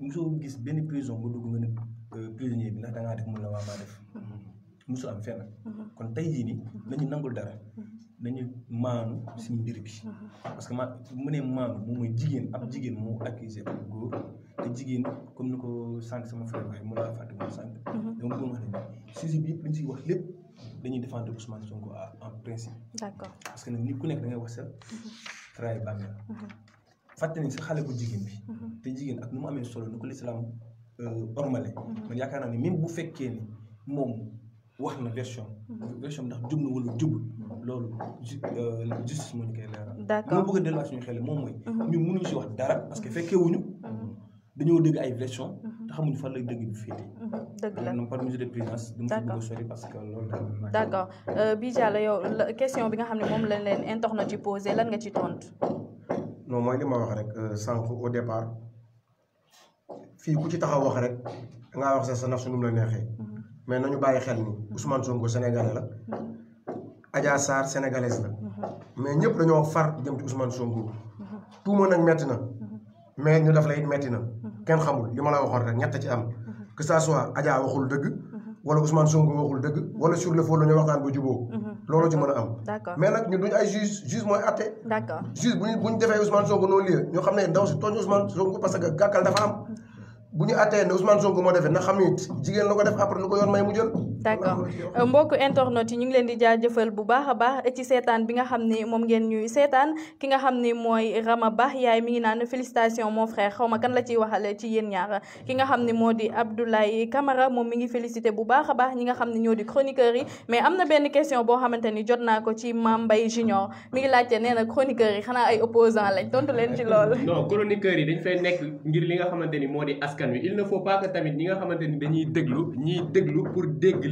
musoo gis benn prison nga dugg nga ne euh, prisonnier bi ndax da ngaa def mun la waa maa def am fenn kon tey jii nii nañu nangul dara nañu maanu si mbir bi parce que ma mu ne maanu moom mooy jigéen ab jigéen moo accusé ab góor te jigéen comme ni ko sànq sama frère waxee mu laa fàtte moom sànq ne sujet bi yëpp li ñu si wax lépp dañuy défendre Ousmane Sonko en principe d'accord parce que nag ku nekk da ngay wax sa travail bàmmeel fàttali si xale bu jigéen bi. Mhm. te jigéen ak nu solo ko euh, mhm. même bu fekkee ni moom wax version. Mhm. version ndax wala loolu euh, justice moo d'accord ma bëgg a suñu xel moom mooy. ñun parce que fekkee wuñu dañoo dégg ay version te xamuñu fan lay dëgg bi dëgg la euh, non par mesure de prudence d'accord que d'accord yow question bi nga xam posé lan nga ci non mooy li ma wax rek euh, sànq au départ fii ku ci taxaw wax rek dangaa wax sa sa naf su num la neexee mm-hmm. mais na ñu bàyyi xel ni mm-hmm. Ousmane Sonko sénégalais la mm-hmm. Adja Sarr sénégalaise la mais ñëpp dañoo far jëm ci Ousmane Sonko tuuma nag metti na mais ñu daf la it metti na kenn xamul li ma la waxoon rek ñett ci am que ça soit Adja waxul dëgg wala Ousmane Sonko waxul dëgg wala sur le fond la ñu waxtaan ba jubóo. Mhm. loolu ci a am. mais nag ñun duñu ay juge juge mooy atte. d'accord juge bu ñu bu defee Ousmane Sonko noonu lii ñoo xam ne ndaw si tooñ Ousmane parce que gàkkal dafa am mhm. bu ñu attee ne Ousmane Sonko moo defee na xam jigéen la def après lu yoon may mu d' euh, mbokk internet yi ñu ngi leen di jaajëfal bu baax a baax ci seetaan bi nga xam ni moom ngeen ñuy seetaan ki nga xam ni mooy Rama Ba yaay mi ngi naan félicitation mon frère xaw ma kan la ciy waxale ci yéen ñaar ki nga xam ni moo di Abdoulaye Camara moom mi ngi félicité bu baax a baax ñi nga xam ni ñoo di chroniqueurs yi mais am na benn question boo xamante ni jot naa ko ci Mame Mbaye Junior mi ngi laajte nee na chroniqueurs yi xanaa ay opposant lañ tontu leen ci loolu non chroniqueurs yi dañ fay nekk ngir li nga xamante ni moo di askan wi il ne faut pas que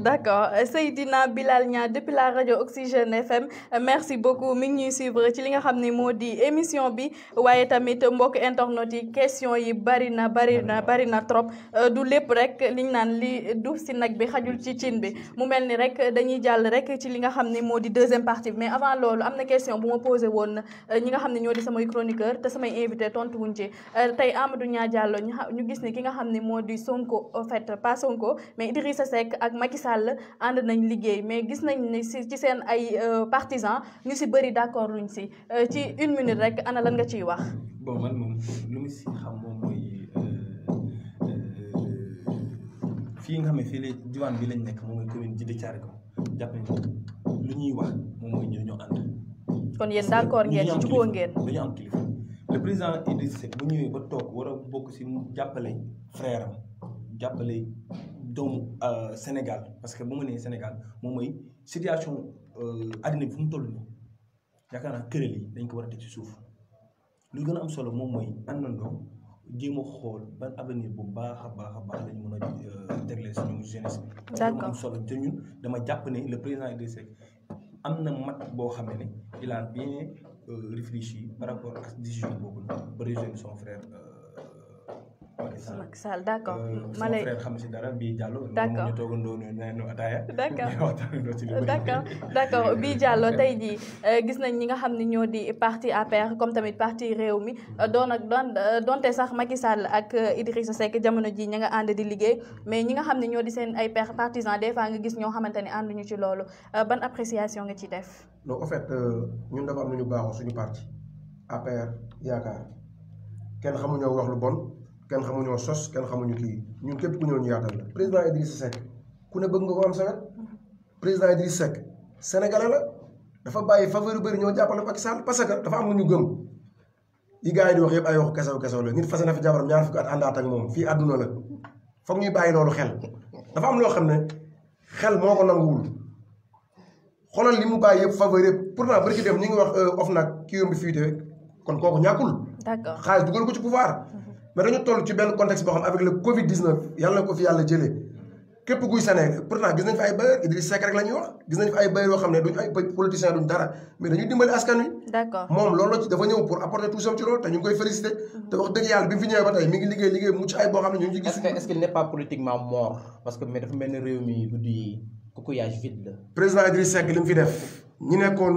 d'accord Seydina Bilal Niang depuis la radio Oxygène FM merci beaucoup mi ngi suivre ci li nga xam ne moo di émission bi waaye tamit mbokk internet yi question yi bari na bari na bari na trop euh, du lépp rek liñ naan li du ci nak bi xajul ci cin bi mu melni rek dañuy jall rek ci li nga xam modi deuxième partie mais avant lolu amna question bu ma posé woon euh, ñi nga xam ñoo di sama chroniqueur te sama invité tontu wuñ ci euh, tey Amadou nya Diallo ñu gis ni ki nga xam modi Sonko en fait pas Sonko mais Idrissa Seck ak Macky Sall and nañ liggéey mais gis nañ ni si ci seen ay euh, partisans ñu si bëri d'accord luñ si euh, ci une minute rek ana lan nga ciy wax. bon man moom lu mu si xam moom mooy euh, fii nga xam ne fii la diwaan bi lañ nekk moom mooy commune di Thiaroye ko jàpp nañ lu ñuy wax moom mooy ñoo ñoo ànd. kon yéen d'accord ngeen ci jubóo ngeen. dañu am kilifa le président Idrissa Seck bu ñëwee ba toog war a bokk si jàppale frère am jàppale doomu euh, Sénégal parce que bu ma nee Sénégal moom mooy situation addina euh, bi fu mu toll nii yaakaar naa këral yi dañ ko war a teg ci suuf lu gën a am solo moom mooy àndandoo jéem a xool ban avenir bu baax a baax a baax lañ mën a euh, tegle suñu jeunesse bi. d'accord am solo te ñun dama jàpp ne le président Idrissa Seck am na mat boo xam ne il a bien euh, réfléchi par rapport à décision boobu la ba son frère. Macky Sall d' accord. ma lay frère xam si dara Bi d' accord ñu toogandoo ñu ataaya. tey jii gis nañ ñi nga xam ne ñoo di parti APR comme tamit parti réew mi eh, doon ak doon eh, donte sax Macky Sall ak eh, Idrissa Seck jamono jii ña nga ànd di liggéey mais ñi nga xam ne ñoo di seen ay pères partisans des fois nga gis ñoo xamante ne ànduñu ci loolu ban appréciation nga ci def. non en fait euh, ñun dafa am lu suñu parti APR yaakaar kenn xamuñoo wax lu bon. kenn xamuñoo sos kenn xamuñu kii ñun képp ku ñëw ñu yaatal la président Idrissa Seck ku ne bëgg nga ko am sa président Idrissa Seck sénégalais la dafa bàyyi faveur yu bëri ñoo jàppale Macky Sall parce que dafa am lu ñu gëm yi gars yi di wax yëpp ay wax kesew kesew la nit fase na fi jabaram ñaar fukki at àndaat ak moom fii àdduna la foog ñuy bàyyi loolu xel dafa am loo xam ne xel moo ko nanguwul xoolal li mu bàyyi yëpp faveur yëpp pourtant bari ci dem ñu wax of nag ki yombi ko ci mais dañu toll ci benn contexte boo xam avec le Covid 19 yàlla na ko fi yàlla jëlee képp kuy Sénégal pourtant gis nañ fi ay bailleurs Idriss Seck rek la ñuy wax gis nañ fi ay bailleurs yoo xam ne duñ ay politiciens duñ dara mais dañuy dimbali askan wi. d'accord moom loolu dafa ñëw pour apporter tout son ci loolu te ñu ngi koy féliciter. te wax dëgg yàlla bi fi ñëwee ba tey mi ngi liggéey liggéey mucc ay boo xam ne ñu ngi ci gis. est-ce que est-ce qu'il n'est pas politiquement mort parce que mais dafa mel ni réew mi guddi yi coquillage vide la. président Idriss Seck li mu fi def ñi nekkoon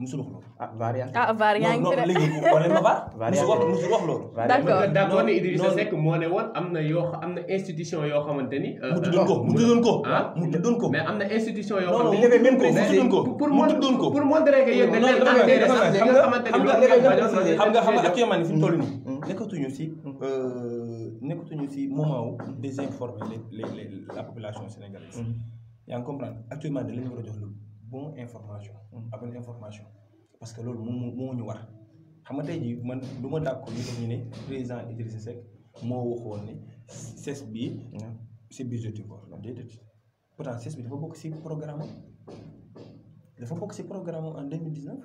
musul wax loolu. ah VAR yaa ngi ah VAR yaa ngi fi de non non léegi ma VAR. musul wax musul wax loolu. d'accord d'accord ne Idrissa Seck moo ne woon am na yoo am na institution yoo xamante ni. Euh, mu euh, tuddoon ko mu tuddoon ko. Ah? ah mu tuddoon ko. mais am na institution yoo xam ne. non non ko pour pour pour montrer que yéen dañ leen enterré sax xam nga xam nga xam nga actuellement ni fi mu toll nii. Mm. Mm. nekkatuñu si euh, nekkatuñu si moment wu désinformer les les la population sénégalaise. Mm. yaa ngi comprendre actuellement dañ leen war a jox loolu bon information. bonne information parce que lolu moom ñu war xam nga tay ji man duma ma ni ñu ne président Idrissa Seck mo waxone ne CES bii. c'est budgétivore la déedéet. pourtant CES bi dafa bok ci programme am dafa bokk ci programme en 2019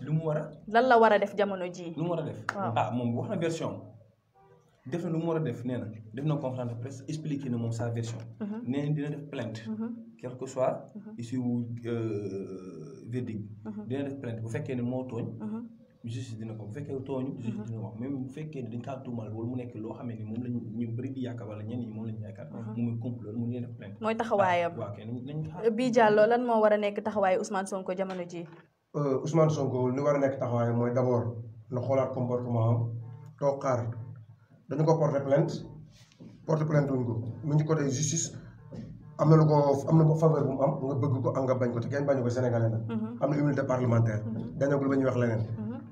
lu mu war a. lan la war a def jamono jii. lu mu war a def. ah moom wax na version def na lu mu war a def nee na def na conférence de presse expliqué na moom sa version. Mhm. nee na dina def plainte. Mhm. quel mhm. euh, bu fekkee ne moo tooñ. justice ko bu fekkee tooñu justice dina wax même bu mu nekk loo xam ne moom lañ ñu bëri di yaakaar wala ñenn ñi moom lañ yaakaar mu muy complot def plainte mooy taxawaayam ah, waaw jàlloo lan moo war a nekk taxawaayu Ousmane Sonko jamono jii Euh, Ousmane Sonko li war a nekk taxawaay mooy d' abord na xoolaat comportement am toog xaar dañu ko porter plainte porter plainte ko mu ngi côté justice am na lu ko am na ko faveur bu mu am nga bëgg ko am nga bañ ko te kenn bañu ko sénégalais nag. Mhm. am na immunité parlementaire. Mhm. dañoo ba ñuy wax leneen. Mhm.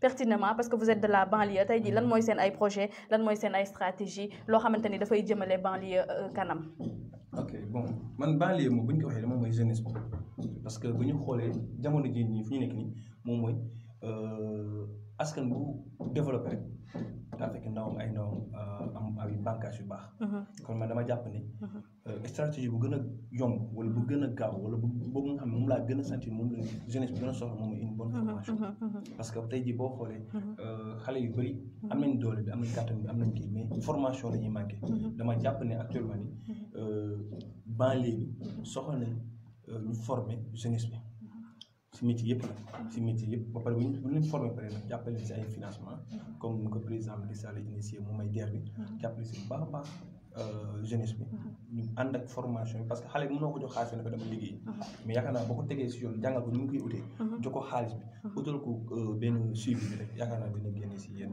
pertinemment parce que vous êtes de la banlieue tay dit lan moy sen ay projet lan moy sen ay stratégie lo xamanteni vous fay banlieue euh, ok bon man banlieue mo parce que jamono daa fekk ndawam ay ndawam uh, am ay bànqaas yu baax. Uh-huh. kon man dama jàpp ne. Uh-huh. Uh, stratégie bu gën a yomb wala bu gën a gaaw wala bu boobu nga moom laa gën a sentir moom la jeunesse bi gën a soxla moom une bonne uh-huh, formation. parce que tey jii boo xoolee. Uh, xale yu bëri am nañ doole bi am nañ kàttan bi am nañ kii mais formation la ñuy dama jàpp ne actuellement ni banlieue bi soxla nañ ñu former jeunesse bi. si métier yëpp nag si métier yëpp ba pare bu ñu bu ñu pare nag jàppale si ay financement mm-hmm. comme ni ko président Macky Sall initié mu may DER bi mm-hmm. jàppale si bu baax a baax euh, jeunesse bi mm-hmm. ñu ànd ak formation bi parce que xale bi mënoo ko jox xaalis bi ne ko dama mais yaakaar boo ko tegee si yoon jàngal ko ni mu koy utee jox ko xaalis bi utal ko euh, benn suivi bi rek yaakaar naa dina génne si yenn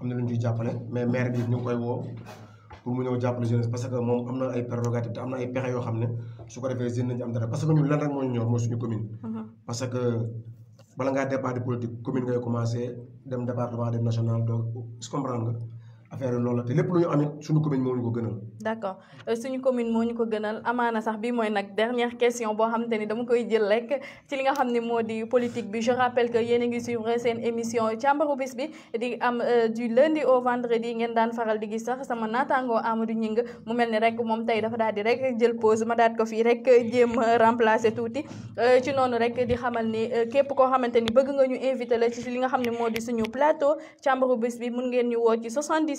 am na lu ñu jàppale mais maire bi ñu koy woo pour mu ñëw jàppale jeunesse parce que moom am na ay prérogatives te am na ay pexe yoo xam ne su ko defee jeune nañu am dara parce que ñun lan rek moo ñor mooy suñu commune. Uh-huh. parce que bala ngaa départ di politique commune ngay commencé dem département dem national donc comprendre nga. affaire loolu la te lépp lu ñu amit suñu commune moo ñu ko gënal. d' accord euh, suñu commune amaana sax bi mooy nag dernière question boo xamante ni dama koy jël li nga xam ne moo di politique bi je rappelle que yéen a ngi suivre seen émission càmbaru bi di am euh, du lundi au vendredi ngeen daan faral di gis sax sama naataango Amadou Gningue mu mel ni rek moom tay dafa daal di rek jël pause ma daat ko fii rek jéem remplacer tuuti euh, ci noonu rek di xamal ni képp koo xamante ni bëgg nga ñu invité la ci li nga xam ne moo di suñu plateau càmbaru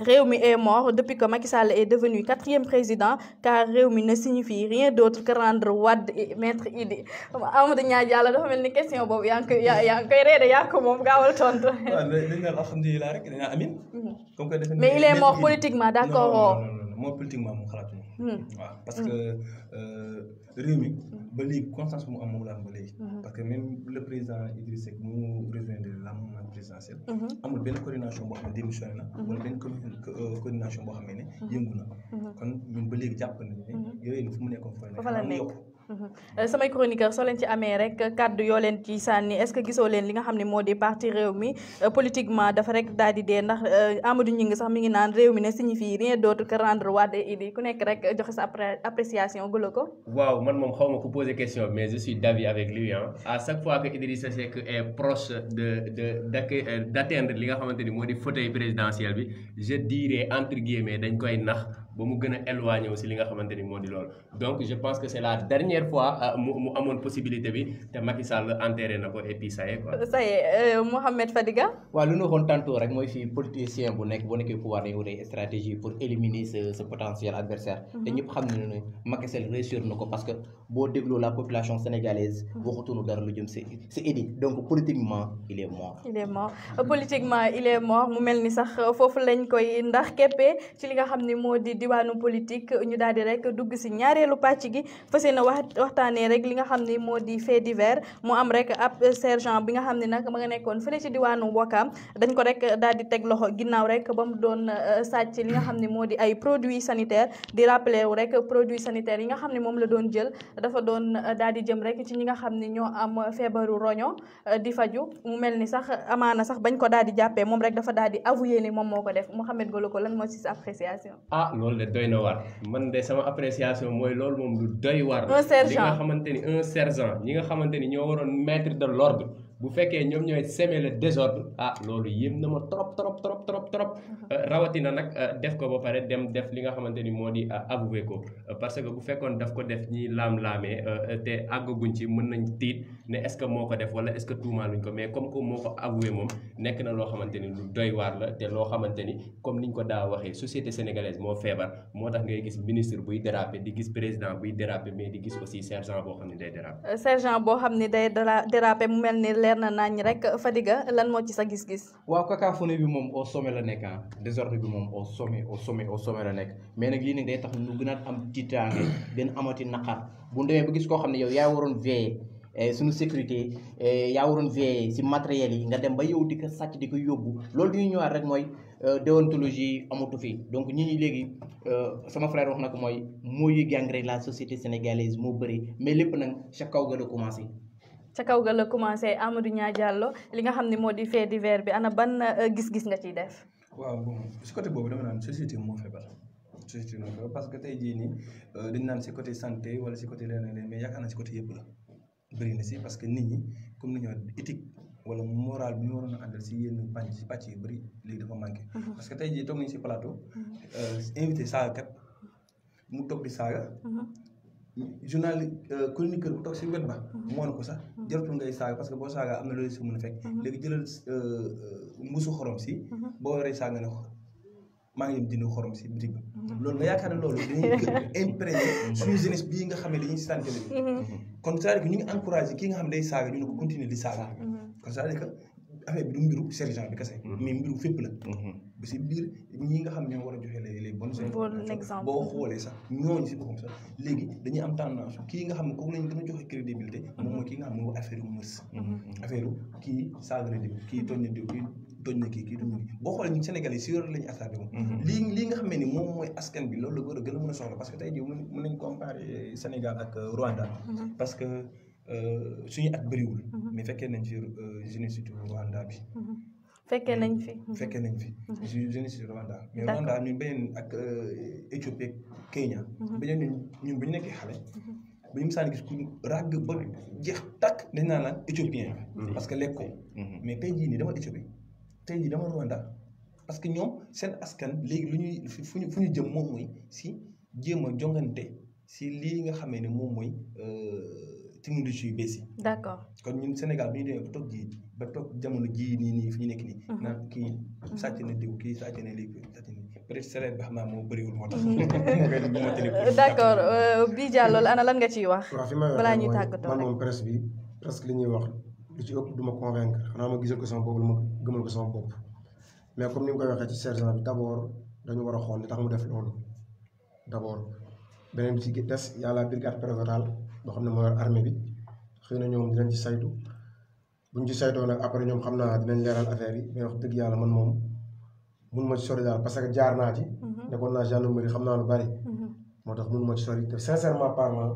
Réumi est mort depuis que Macky Sall est devenu quatrième président, car Réumi ne signifie rien d'autre que rendre Wad et maître Amadou question mais il est mort politiquement d'accord réew mi mm-hmm. ba léegi constance bu mu am moom la am mm-hmm. que même le président Idriss Seck mu rejoindre la mouvance présidentielle. Mm-hmm. amul benn coordination boo xam ne démissionné na. wala benn euh, coordination boo xam ne yëngu na. kon ñun ba léegi jàpp nañu ne. yooyu fu mu nekkoon fa Euh, samay chroniqueur soo leen ci amee rek kàddu yoo leen ci sànni est-ce que gisoo leen li nga xam ne moo di parti réew mi euh, politiquement dafa rek daal di dee ndax euh, Amadou Gningue sax mi ngi naan réew mi ne signifie rien d'autre que rendre Wade et Idy ku nekk rek joxe sa appréciation gëla ko waaw man moom xaw ma poser question mais je suis d'accord avec lui hein à chaque fois que Idrissa Seck est proche de de d'atteindre li nga xamante ni moo di fauteuil présidentiel bi je dirais entre guillemets dañ koy nax ba mu gën a éloigné aussi li nga xamante ni moo di loolu donc je pense que c' est la dernière fois euh, mu mu amoon possibilité bi te Macky Sall enterré na ko et puis ça y est quoi. ça y est euh, Mouhamed Fadiga. waaw lu ñu waxoon tantôt rek mooy fii politicien bu nekk bu nekkee pouvoir day wutee stratégie pour éliminer ce ce potentiel adversaire mm-hmm. te ñëpp xam nañu ne Macky Sall réussir na ko parce que boo dégloo la population sénégalaise. Mm-hmm. waxatuñu dara lu jëm c' c'est édit donc politiquement il est mort. il est mort euh, politiquement il est mort mu mel ni sax foofu lañ koy ndax keppe ci li nga xam ni moo di. diwaanu politique ñu daal di rek dugg si ñaareelu pàcc gi fas yéene wax waxtaanee rek li nga xam ni moo di fait divers mu am rek ab sergent bi nga xam ne nag ma nga nekkoon fële ci diwaanu Wakaam dañ ko rek daal di teg loxo ginnaaw rek ba mu doon euh, sàcc xam ne moo di ay produits sanitaires di rappelé wu rek produits sanitaires yi nga xam ne moom la doon jël dafa doon euh, daal di jëm rek ci ñi nga xam ne ñoo am feebaru roño euh, di faju mu mel ni sax amaana sax bañ ko daal di jàppee moom rek dafa daal di avoué ni moom moo ko def Mouhamed Goloko lan moo si sa appréciation ah, loolu doy na war man de sama appréciation mooy loolu moom lu doy war. un sergent li nga xamante ni un sergent ñi nga xamante ni ñoo waroon maître de l'ordre bu fekkee ñoom ñooy semer le désordre ah loolu yéem na ma trop trop trop euh, rawatina nag euh, def ko ba pare dem def li nga xamante ni moo di euh, avoué ko parce que bu fekkoon daf ko def ñi laam-laamee te àggaguñ ci mën nañ tiit ne est-ce que moo ko def wala est-ce que tuumaaluñ ko mais comme que moo ko avoué moom nekk na loo xamante lu doy waar la te loo xamante ni comme ñu ko daa waxee société sénégalaise moo feebar moo tax ngay gis ministre buy déraper di gis président buy déraper mais di gis aussi sergent boo xam xam ne day déraper leer na nañ rek Fadiga lan moo ci sa gis-gis. waaw cacophonie bi moom au sommet la nekk ah désordre bi moom au sommet au sommet au sommet la nekk mais nag lii nag day tax ñu gënaat am tiitaange gën amati naqar bu ñu demee ba gis koo xam ne yow yaa waroon veiller. Eh, suñu sécurité eh, yaa waroon veiller ci matériel yi nga dem ba yow di ko sàcc di ko yóbbu loolu li ñu ñëwaat rek mooy eh, déontologie amatu fi donc ñi ñi léegi sama frère wax na ko mooy moo yu la société sénégalaise moo bëri mais lépp nag ca kaw ga la commencé ca kawgal la ah, commencé amadou ñadiallo li nga xamni modi fait d'hiver bi ana ban eh, gis gis nga ci def waaw bon ci côté bobu dama nan société mo fébal société mo fébal parce que tay jii ni eh, dañ nan ci côté santé wala ci côté lénen mais yaaka na ci côté yépp la bari na ci parce que nit ñi comme ni ñoo éthique wala moral bi ñu waroon andal si yenn pàcc si pàcc yu bëri léegi dafa manqué. Mhm. parce que tey jii toog nañ si plateau. Mhm. Eh, invité saaga kat mu toog di saaga. Mhm. journal euh, chroniqueur bu toog si wet ba. moo ne ko sax mm-hmm. jaratul ngay saaga parce que boo saaga am na loolu si mën a fekk. Mm-hmm. léegi jëlal euh, euh, mbuusu xorom si. Mm-hmm. boo waree saaga ne ko maa ngi dem dindi xorom si bitig ba. loolu nga yaakaar ne loolu dañuy gën imprégné suñu jeunesse nga xam ne dañuy sant bi. kon cest ñu ngi encouragé kii nga xam ne day saaga ñu ne ko continuer di saaga. kon cest à affaire bi du mbiru sergent bi kese mhm. mais mbiru fépp la mhm. ba si biir ñi nga xam ñoo war a joxe les les bonnes informations boo xoolee sax ñoo si bokkum sax léegi dañuy am tendance kii nga xam ne kooku lañu gën a joxe crédibilité mhm. moom mooy kii nga xam ne affaire yu mës. affaire kii saagara diw kii toñ na diw kii toñ na kii kii toñ na kii boo xoolee ñun sénégalais si yor lañu attaqué moom. lii nga xam ne moom mooy askan bi loolu la war a gën a mën a soxla parce que tey jii mën nañ comparer Sénégal ak Rwanda. parce que. Euh, suñu at bëriwul. Mhm. mais fekkee nañ fi euh, génocide Rwanda bi. Mhm. fekkee nañ fi. Mhm. fekkee nañ fi génocide Rwanda. mais Rwanda ak euh, Éthiopie Kenya. beneen ñun bu ñu gis ku ràgg ba jeex takk dañ naan naan éthiopien. parce que lekkoo. mais tey jii nii dama tey jii dama Rwanda parce que ñoom seen askan léegi lu ñuy fu ñu fu ñu jëm moom mooy si jéem a jongante si lii nga xame ne moom mooy. ci ñu ci bés yi. d' accord kon ñun Sénégal bi ñu demee ba toog jii ba toog jamono jii nii nii fi ñu nekk nii. Mhm. naan kii sàcc na diw kii sàcc na lii peut être céréales bi xam naa moo bëriwul moo tax. Mhm. d' euh, bi Dia loolu ana lan nga ciy wax. waaw fi may wax ñuy tàggatoo rek man moom presse bi presque li ñuy wax lu ci ëpp du ma convaincre xanaa ma gisal ko sama bopp lu ma gëmal ko sama bopp mais comme ni nga koy waxee ci sergent bi d' abord dañu war a xool li tax mu def loolu d' abord beneen bi ci des yàlla bi gàtt boo xam ne moo yor armée bi xëy na ñoom dinañ ci saytu buñ ci saytoo nag après ñoom xam naa dinañ leeral affaire yi mais wax dëgg yàlla man moom mun ma ci sori daal parce que jaar naa ci. Mhm. nekkoon naa gendarmerie xam naa lu bari. Mhm. moo tax mun ma ci sori te sincèrement parlant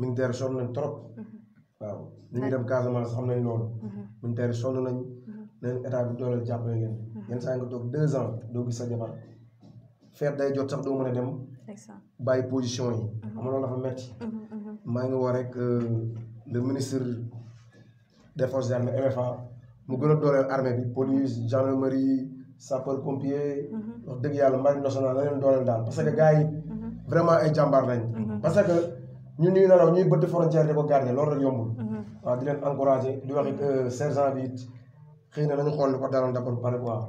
militaire sonn nañ trop. Mhm. waaw ni ñuy dem Casamance xam nañ loolu. militaire sonn nañ. neen état bi dooleel jàppale leen. yenn saa nga toog deux ans doo gis sa jabar. feet day jot sax doo mën a dem. bàyyi position yi. xam nga loolu dafa metti maa ngi wo rek euh, le ministre des forces armées MFA mu gën a dooleel armée bi police gendarmerie sapeur pompier. Mm-hmm. wax dëgg yàlla marine nationale la leen dooleel daal parce que gars yi. Mm-hmm. vraiment ay jàmbaar lañ. Mm-hmm. parce que ñun ñuy nelaw ñuy bëtt frontière di ko garder loolu rek yombul. waaw di leen encouragé di wax it euh, sergent bi it xëy na nañu xool li ko daaloon d' abord bu pare quoi.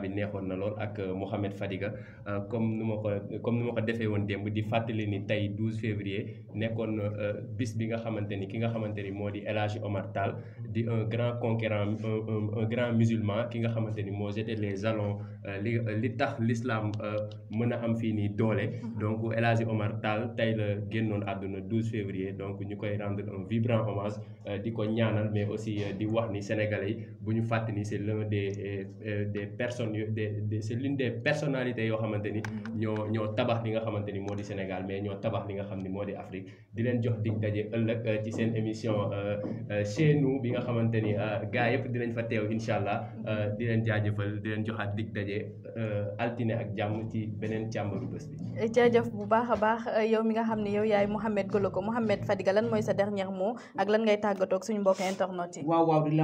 bi neexoon na lool ak euh, Mohamed Fadiga euh, comme nu ma ko comme nu ma ko defee woon démb di fàttali ni tey 12 février nekkoon euh, bis bi nga xamante ni ki nga xamante ni moo di El Hadji Omar Tall di un grand conquérant un grand musulman ki nga xamante ni moo jeté les jalons li li tax l'islam mën a am fii nii doole mm-hmm. donc El Hadji Omar Tall tey la génnoon àdduna 12 février donc ñu koy rendre un vibrant hommage di ko ñaanal mais aussi di wax ni sénégalais yi bu ñu ni c'est l'un des des personnes personnes yu des c'est l'une des personnalités yoo xamante ni mm. ñoo tabax li nga xamante ni moo di Sénégal mais ñoo tabax li nga xam ni moo di Afrique di leen jox dig daje ëllëg euh, ci seen émission euh, euh, chez bi nga xamante ni gars yëpp dinañ fa teew incha allah di leen jaajëfal di leen joxaat dig daje altine ak jàmm ci beneen càmbaru bés bi. jaajëf bu baax a baax yow mi nga xam ne yow yaay Mouhamed Goloko Mouhamed Fadiga lan mooy sa dernier mot ak lan ngay tàggatoo ak suñu mbokk internet yi. waaw di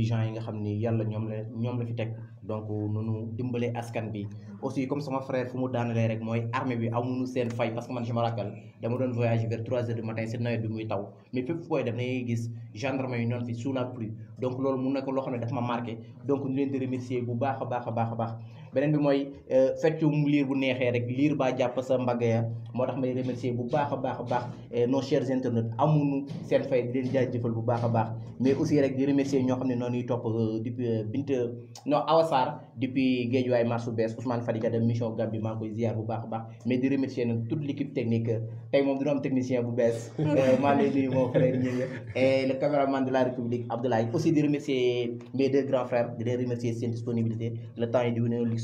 yi nga xam ni yàlla ñoom la moom la fi teg donc nunu dimbalee askan bi aussi comme sama frère fu mu daanalee rek mooy armée bi amuñu seen fay parce que man je me rappelle dama doon voyager vers trois heures du matin si nawet bi muy taw mais fépp fooy dem dangay gis gendarme yi noonu fi sous la pluie donc loolu mu nekk loo xam ne daf ma marqué donc ñu leen di remercier bu baax a baax a baax a baax benen bi mooy euh, feccu liir bu neexee rek liir baa jàpp sa mbagg ya moo tax may remercier bu baax a baax a baax euh, nos chers internautes amuñu seen fay di leen jaajëfal bu baax a baax mais aussi rek di remercier ñoo xam ne noonu ñuy topp euh, depuis bint non Awa depuis Guédiawaye marche bu bees Ousmane Fadiga de mission Gambie maa ngi koy ziar bu baax a baax mais di remercier nag toute l' équipe technique tey moom dina am technicien bu bees maa lay mon frère ñëw et le cameraman de la République Abdoulaye aussi di remercier mes deux grands frères di leen remercier seen disponibilité le temps yi di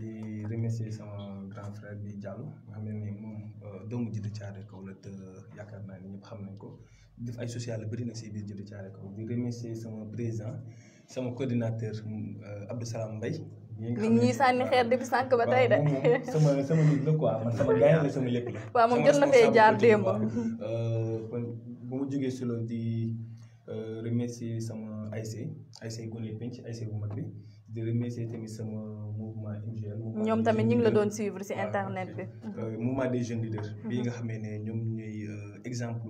di remercier sama grand frère bi Diallo nga xam ne ni moom euh, doomu Jiddu Caare kaw la te yaakaar naa ni ñëpp xam nañ ko def ay social bëri na si biir Jiddu Caare kaw di remercier sama président sama coordinateur euh, Abdou Salam Mbaye. ñi nga xam ne ñuy sànni xeer depuis sama sama nit la quoi man sama lépp la. waaw moom na jaar démb. Euh, kon bu mu jógee si loolu di remercier sama AIC AIC Gune Penc AIC bu mag bi. di remercier tamit sama mouvement MGL. ñoom tamit ñu ngi la doon suivre bi. Euh, mhm. nga xamee ne ñoom ñooy euh, exemple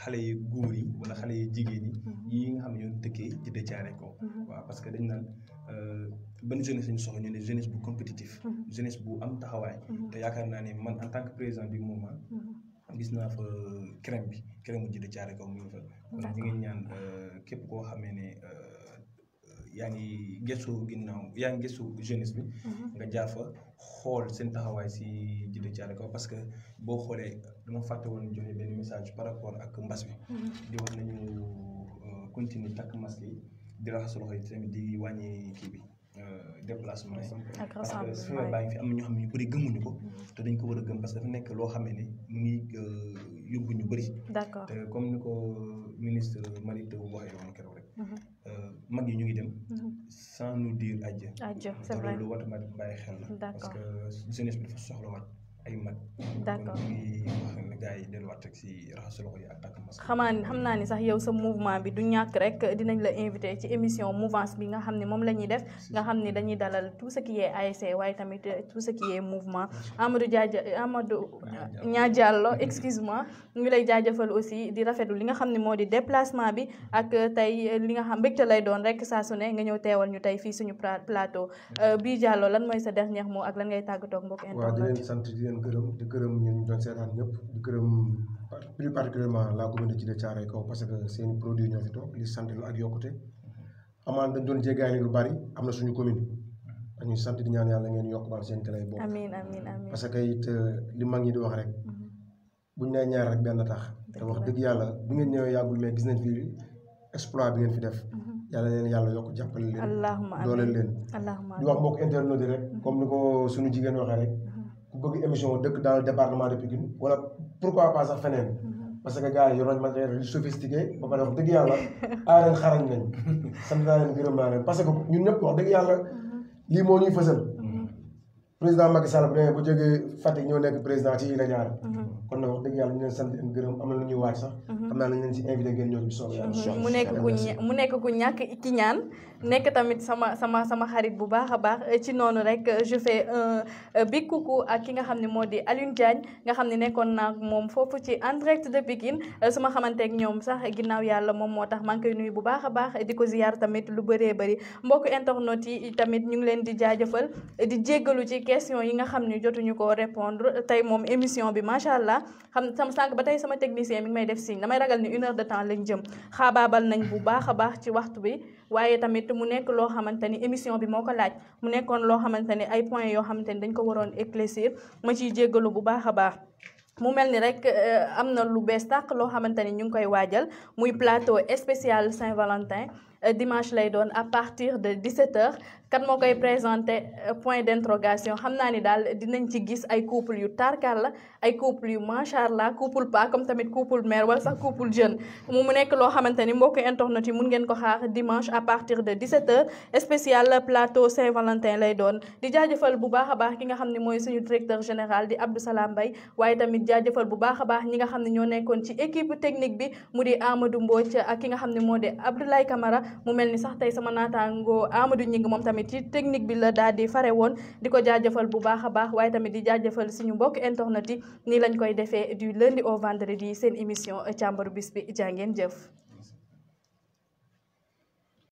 xale yu góor yi wala xale yu jigéen yi. Mhm. yi nga xam ne ñoo tëkkee ci décaré ko. Mhm. waaw parce que dañ naan euh, ban jeunesse lañu soxla ñu ne jeunesse bu compétitif. jeunesse bu am taxawaay. te yaakaar naa ne man en tant que président du mouvement. gis naa fa crème bi crème mu ji décaré ko mu ngi fa. kon ñu ngi ñaan képp koo xamee ne. Yangi ngi gëstu ginnaaw yaa ngi gëstu jeunesse bi. Mhm. nga jaar fa xool seen taxawaay si jiite caare ko parce que boo xoolee dama fàtte woon joxe benn message par rapport ak mbas bi. Mhm. di wax nañu euh, continuer takk masque yi di raxas loxo yi tamit di wàññi kii bi. Euh, déplacement ak rassemblement yi fi am ñoo xam ne ñu ko. Mhm. te dañ ko war a gëm parce que dafa nekk loo xamee ne mu ngi euh, yóbbu ñu bëri. d' accord comme ni ko ministre Malick Diop waxee woon keroog rek. mag yi ñu ngi dem. Mhm. sans nous dire adieu. adieu c'est vrai ma lu war a bàyyi xel la. parce que jeunesse bi dafa soxla waat. ay mag. d'accord kon xam naa ni sax yow sa mouvement bi du ñàkk rek dinañ la invité ci émission mouvance bi nga xam ne moom la ñuy def nga xam ne dañuy dalal tout ce qui est ASC waaye tamit tout ce qui est mouvement Amadou Diadia Amadou. Nia Diallo excuse ñu lay jaajëfal aussi di rafetu li nga xam ne moo di déplacement bi ak tey li nga xam mbégte lay doon rek saa su ne nga ñëw teewal ñu tey fii suñu plateau euh, bi Diallo lan mooy sa dernier mot ak lan ngay tàggatoo ak gërëm di gërëm ñun doon seetaan ñëpp di gërëm plus particulièrement la communauté de Thiaray kaw parce que seen produit ñoo fi toog li sant lu ak yokkute amaan dañ doon jéggaani lu bari am na suñu commune dañuy sant di ñaan yàlla ngeen yokk baal seen télé bopp amin amin amin parce que it euh, li mag ñi di wax rek mhm. bu ñu nee ñaar rek benn tax te wax dëgg yàlla bu ngeen ñëwee yàggul mais gis nañ fi exploit bi ngeen fi def mhm. yàlla leen yàlla yokk jàppale leen doole leen di wax mbokk internet rek comme ni ko suñu jigéen waxee rek bëgg émission dëkk dans le département de Pikine wala pourquoi pas sax feneen mm-hmm. parce que gars yi yor nañ matériel yu sophistiqué ba pare wax yàlla aareen xarañ nañ mm-hmm. sant naa leen gërëm naa leen parce que ñun ñëpp wax dëgg yàlla mm-hmm. lii moo ñuy fësal président Macky Sall bu demee bu jógee Fatick ñoo nekk président ci yi la ñaar kon nag wax dëgg yàlla ñu leen sant leen gërëm am na lu ñuy waaj sax xam naa nañ leen si invité ngeen ñoo bi soog yàlla mu nekk ku ñàkk ki ñaan nekk tamit sama sama sama xarit bu baax a baax eh, ci noonu rek eh, je fais un eh, coucou ak ki nga xam ni moo di Alioune Diagne nga xam ne nekkoon naa moom foofu ci en direct de Pikine su ma xamanteeg ñoom sax ginnaaw yàlla moom moo tax maa ngi koy nuyu bu baax a baax di ko ziyaar tamit lu bëree bëri mbokk internet yi tamit ñu ngi leen di jaajëfal di jéggalu ci question yi nga xam ni jotuñu ko répondre tey moom émission bi macha allah xam sama sànq ba tey sama technicien mi ngi may def signe damay ragal ni une de temps lañ jëm xaabaabal nañ bu baax a baax ci waxtu bi waaye tamit mu nekk loo xamante ni émission bi moo ko laaj mu nekkoon loo xamante ni ay point yoo xamante ni dañ ko waroon éclaircir ma ciy jéggalu bu baax a baax mu mel ni rek euh, am na lu bees tàq loo xamante ni ñu ngi koy waajal muy plateau spécial Saint-Valentin euh, dimanche lay doon à partir de 17h kan moo koy présenté euh, point d'interrogation xam naa ni daal dinañ ci gis ay couple yu tarkar la ay couple yu macha allah couple pas comme tamit couple mère wala sax couple jeune mu mu nekk loo xamante ni mbokk internet yi mun ngeen ko xaar dimanche à partir de 17h spécial plateau Saint-Valentin lay doon di jaajëfal bu baax a baax ki nga xam ne mooy suñu directeur général di Abdou Salam bay waaye tamit jaajëfal bu baax a baax ñi nga xam ne ñoo nekkoon ci équipe technique bi mu di Amadou Mbodj ak ki nga xam ne moo di Abdoulaye Camara mu mel ni sax tey sama naataangoo Amadou Ñing moom tamit ci technique bi la daal di fare woon di ko jaajëfal bu baax a baax waaye tamit di jaajëfal suñu mbokk internet yi nii lañ koy defee du lundi au vendredi seen émission càmbaru bis bi jàngeen jëf